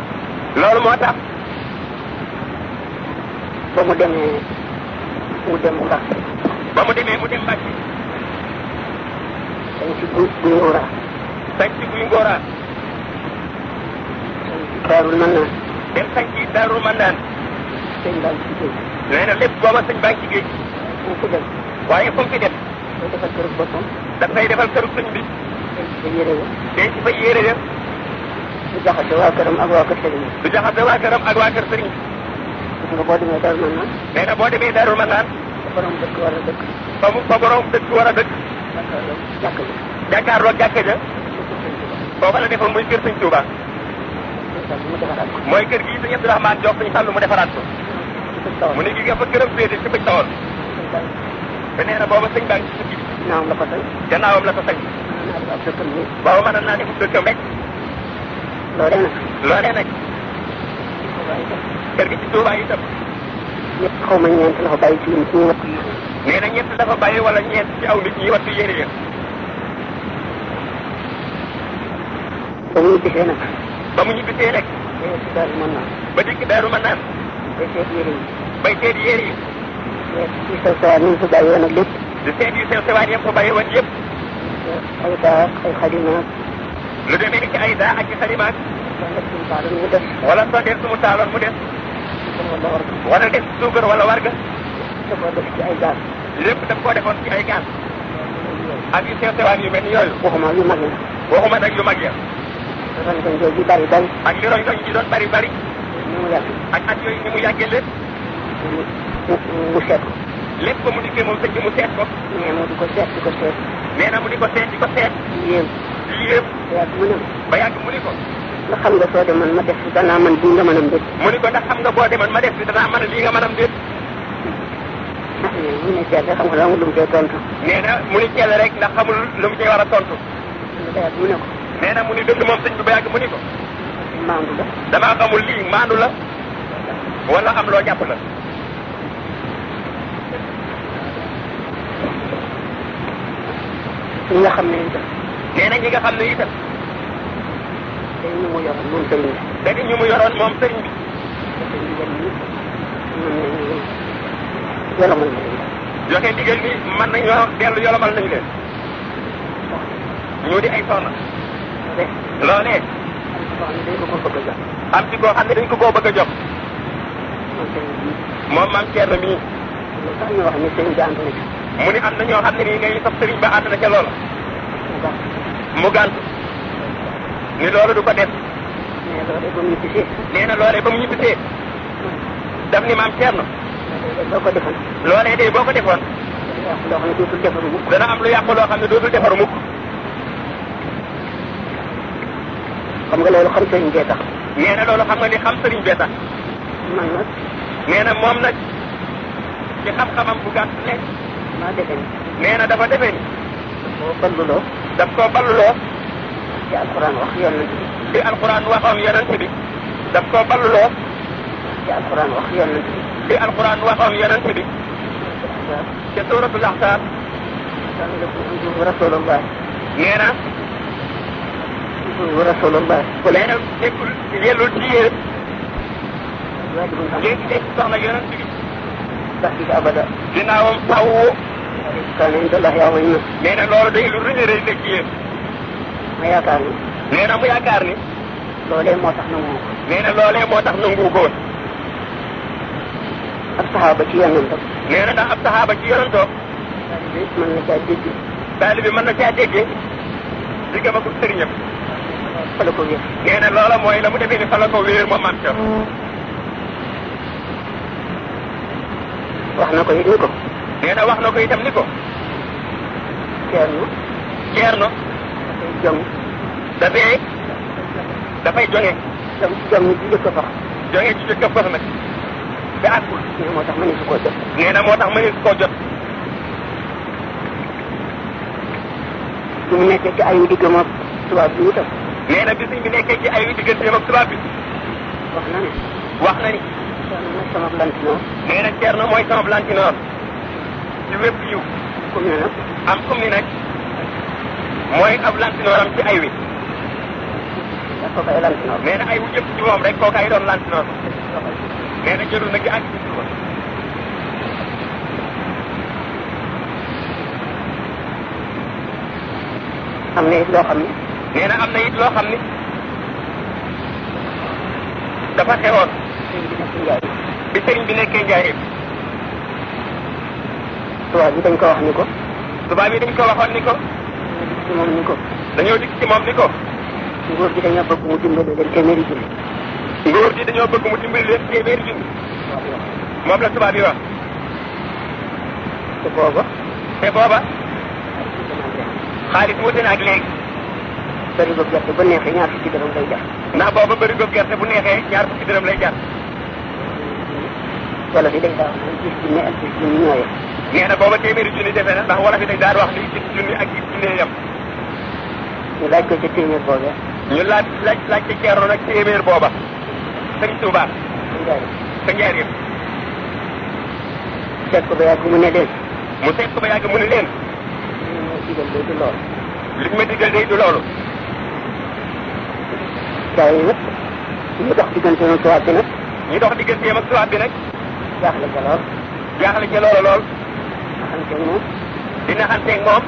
loolu moo tax. ba mu demee mu dem Mbacke. ba mu demee mu dem Mbacke. sañ si guy guy ngóoraa. sañ si guy ngóoraa. Daarul Mannaan. dem sañ ci Daaru Manaan. sëñ baa ngi ci géej. nee na lépp booba sëñ baa ngi ci géej. fu ko dem. waaye fu mu fi dem. dafay defal kër boppam. dafay defal këru sëñ bi. denc fa yére ya. du jaxase waa këram ak waa kër sëriñ bi. du jaxase waa këram ak waa kër sëriñ bi. gis nga boo demee Daaru Manaan. nee na boo demee Daaru Manaan. fa borom dëkk war a dëkk. fa mu fa borom dëkk war a dëkk. jàkkaarloo jàkka ja. jàkkaarloo jàkka ja. foofa la defoon muy kër sëñ Tuubaa mooy kër gi sëñ Abdourahmane jox sëñ Fallu mu defaraat ko mu ne gi nga fa këram féete ci bëj tawal te nee na booba sëñ baa ngi ci sukk gannaawam la ko sañ gannaawam la ko sañ booba mën naa def dëkkam rek loolee nag loolee nag kër gi ci Tuubaa itam ñett xaw ma ñeent la fa bàyyi ci nit ñi wattu na ñett dafa bàyyi wala ñeent ci aw nit ñi wattu yére ya ba muy gisee nag ba mu ñibbisee rek. ba dikk daaru mën naan. ba dikk daaru mën naan. bay seet yére yi. bay seet yére yi. di seet ni mu fa bàyyi woon di seet yu sew sewaat yëpp fa bàyyi woon yëpp. ay daa ay xalimaak. lu demee ay daa ak ci xalimaak. wala soo def su mu mu def. wala def suukar wala warga. da koo def ci ay gaal. lépp da koo defoon ci ay gaal. ak yu sew sewaat yu mel yooyu. waxuma yu mag ya. waxuma nag yu mag ya. rongoñ jooju bari bari. ak li rongoñ ji doon bari bari. ni mu yàgg. ak at yooyu ni mu yàggee lépp. mu mu seet ko. lépp ba mu dikkee moom sëñ bi mu seet ko. nee na mu di ko seet di ko seet. nee na mu di ko seet di ko seet. yéen. yéen. ba yàgg mu ne ko. ba yàgg mu ne ko. nga xam nga soo demoon ma def fi danaa mën lii nga mën am déet. mu ne ko ndax xam nga boo demoon ma def fi danaa mën lii nga mën am déet. mu ne Thiel rek xam nga lu mu cee tontu. nee na mu ne Thiel rek ndax xamul lu mu cee war a tontu. mu ne ko. nee na mu ni dëgg moom sëñ bi ba yàgg mu ni ko. maandu la. damaa xamul lii maandu la. wala am loo jàpp la. ñi nga xam ne itam. nee na ñi nga xam ne itam. day ñu mu yoroon moom sëriñ bi. day ñu mu yoroon moom sëriñ bi. yolomal nañ leen. joxe digal ni mën nañoo dellu yolomal nañ leen. ñoo di ay soxna. loolee. am ci koo xam ne dañ ko koo bëgg a jox. moom maam Thierno mii. mu ne am na ñoo xam ne nii ngay sab ba ànd na ca loola. mu gànt. ni loolu du ko def. nee na loolee ba mu ñibbisee. daf ni maam Thierno. loolee de boo ko defoon. dana am lu yàqu loo xam ne dootul defaru xam nga loolu xam sëriñ bee tax. nee na loolu xam nga ni xam sëriñ bee tax. man nag. nee na moom nag ci xam-xamam bu gàtt ne. maa defe na dafa defe ni. koo balluloo. daf koo balluloo. li alxuraan wax yonent bi. li alxuraan waxoon yonent bi. daf koo balluloo. li alxuraan wax yonent bi. li alxuraan waxoon yonent bi. ca suuratul Ahzaab. ca suuratul Ahzaab. nee na. wa rasulullah nee na nekkul yellul ci yéen ngeen di denc soxna yonent bi ndax di abada ginnaawam faww kal indallah yaa may yëpp
nee na loolu day
lu rëy rëy la ci yéen ma yaakaar ni nee na mu yaakaar ni loolee moo tax nangu ko nee na loolee moo tax nangu ko woon ab saxaaba ci yonent nee na ndax ab saxaaba ci yonent taalibe mën na caa déggee taalibe mën na caa déggee diggam ak sëriñam fa la ko wéer nee na loola mooy la mu defee ni fa la ko wéer moom maam Cheikh wax na ko it ni ko nee na wax na ko itam ni ko ceerno ceerno dafay jong dafay dafay jonge jonge ci jëkk fas jonge ci jëkk fas nag ba àggul nee na moo tax mënees koo jot nee na moo tax mënees koo jot bi mu nekkee ci ayu digg moom tubaab bi itam nee na bi sëñ bi nekkee ci ay digganteem ak tubaab bi. wax na ni. wax na ni. Thierno mooy sama plantinoor. nee na Thierno mooy sama plantinoor. ci wépp am comme ni nag. mooy ab lantinooram ci ay wi. ndax kooku ay lantinoor. rek kooku ay doon lantinoor. nee na jëlul nag ak ci am na it loo xam ne. nee na am na it loo xam ni dafa xewoon bi sëriñ bi nekkee njaareem tubaab bi dañ ko wax ni ko tubaab bi dañ ko waxoon ni ko ci moom ni ko dañoo dikk ci moom ni ko nguur gi dañoo bëgg mu dimbali leen téeméeri junni nguur gi dañoo bëgg mu dimbali leen téeméeri junni moom la tubaab yi wax te booba te booba xaalis wute na ak bëri ko gerte bu neexee ñaar fukki dërëm lay jar. ndax booba bëri ko gerte bu neexee ñaar fukki dërëm lay jar. wala fi day daaw gis junni ak gis junni ñooyee. nee na booba téeméeri junni defee na ndax wala fi day daal wax li gis junni ak gis junni yem. ñu laaj ko ca téeméer booba. ñu laaj laaj laaj ca ceeroo nag téeméer booba. sëñ Touba. sa njaarim. seet ko ba yàgg mu ne leen. mu seet ko ba yàgg mu ne leen. li ñu ma digal day du loolu. li ñu ma digal day du loolu. gaa yi nag ñu dox diggante ak tubaab bi nag. ñu dox digganteem ak tubaab bi nag. jaaxle ca lool. jaaxle ca loola lool. naxanteeg moom. di naxanteeg moom.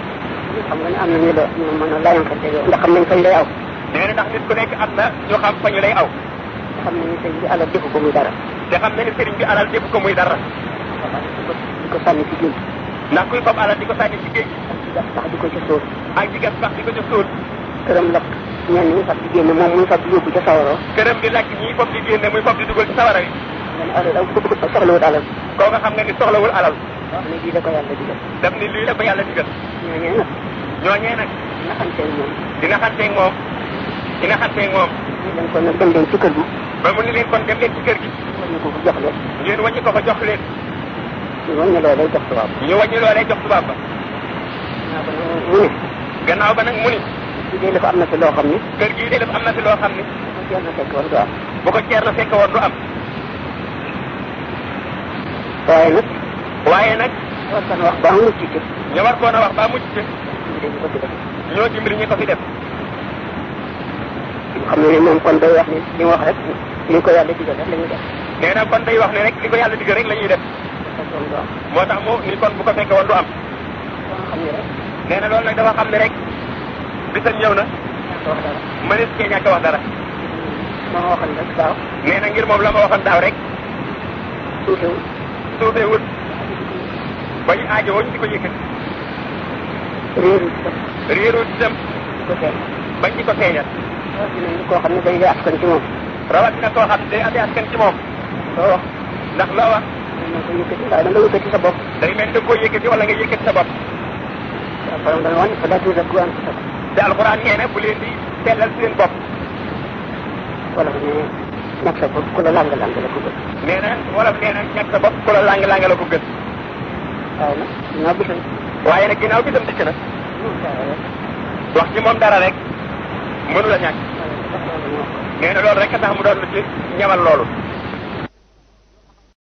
xam nga ne am na ñu doon ñu mën a layante yow. ndax xam nañ fañ lay aw. nee na ndax nit ku nekk am na ñu xam fañu lay aw. te xam nañ ne sëriñ bi alal defu ko muy dara. te xam nañ ne sëriñ bi alal defu ko muy dara. di ko sànni ci géej. ndax kuy fab alal di ko sànni ci géej. ak di gas pax di ko ca sóor. ak di gas pax di ko ca sóor. këram lakk ñenn ñi fab di génne moom muy fab di yóbbu ca sawara këram di lakk ñi fab di génne muy fab di dugal ci sawara yi nga ne alal daal ko soxlawul alal koo nga xam ne ni soxlawul alal wax ne lii da ko yàlla digal daf ni lii da ko yàlla digal ñooñee nag ñooñee nag dina xanteeg moom dina xanteeg moom dina xanteeg moom ñu leen kon nag dem leen ci kër gi ba mu ni leen kon dem leen ci kër gi wàññi ko ko jox leen ngeen wàññi ko ko jox leen ñu wàññi loolee jox tubaab ñu wàññi loolee jox tubaab ba mu ni gannaaw ba nag mu ni li de dafa am na fi loo xam ni gii day am na si loo xam ni bu ko ceer na fekk woon am bu ko ceer na fekk woon du am waaye nag waaye nag ñu a wax ba mucc ci ñu wax ba mucc ci ñoo dimbali ñi ko fi def xam ne moom kon day wax ni li wax rek li ko yàlla digal rek la ñuy def wax ne rek yàlla digal rek la ñuy moo tax mu ni kon bu ko fekke woon am nee na loolu nag dafa xam ne rek bisam ñëw na. mënees cee ñàkk wax dara. ma ma waxoon rek daaw. nee na ngir moom la ma waxoon daaw rek. suufee wut. suufee wut. ba ñu aajo woon di ko yëkkati. réeru itam. réeru itam. ko feeñ. bañ di ko feeñal. rawatina koo xam ne day askan ci moom. rawatina koo xam ne day amee askan ci moom. loo wax. ndax loo wax. waaye da nga yëkkati sa bopp. day mel ni da nga wala nga yëkkati sa bopp. waaw kon da nga wax ne te alxuraan nee na bu leen di sellal seen bopp. wala mu ne ñàkk sa bopp ku la lang lang la ko gën. nee na wala nee na ñàkk sa bopp ku la lang lang la ko gën. waaw nag ginnaaw bisam. waaye nag ginnaaw bisam dikk na. wax ci moom dara rek mënu la ñàkk. nee na loolu rek a tax mu doon lu ci ñamal loolu.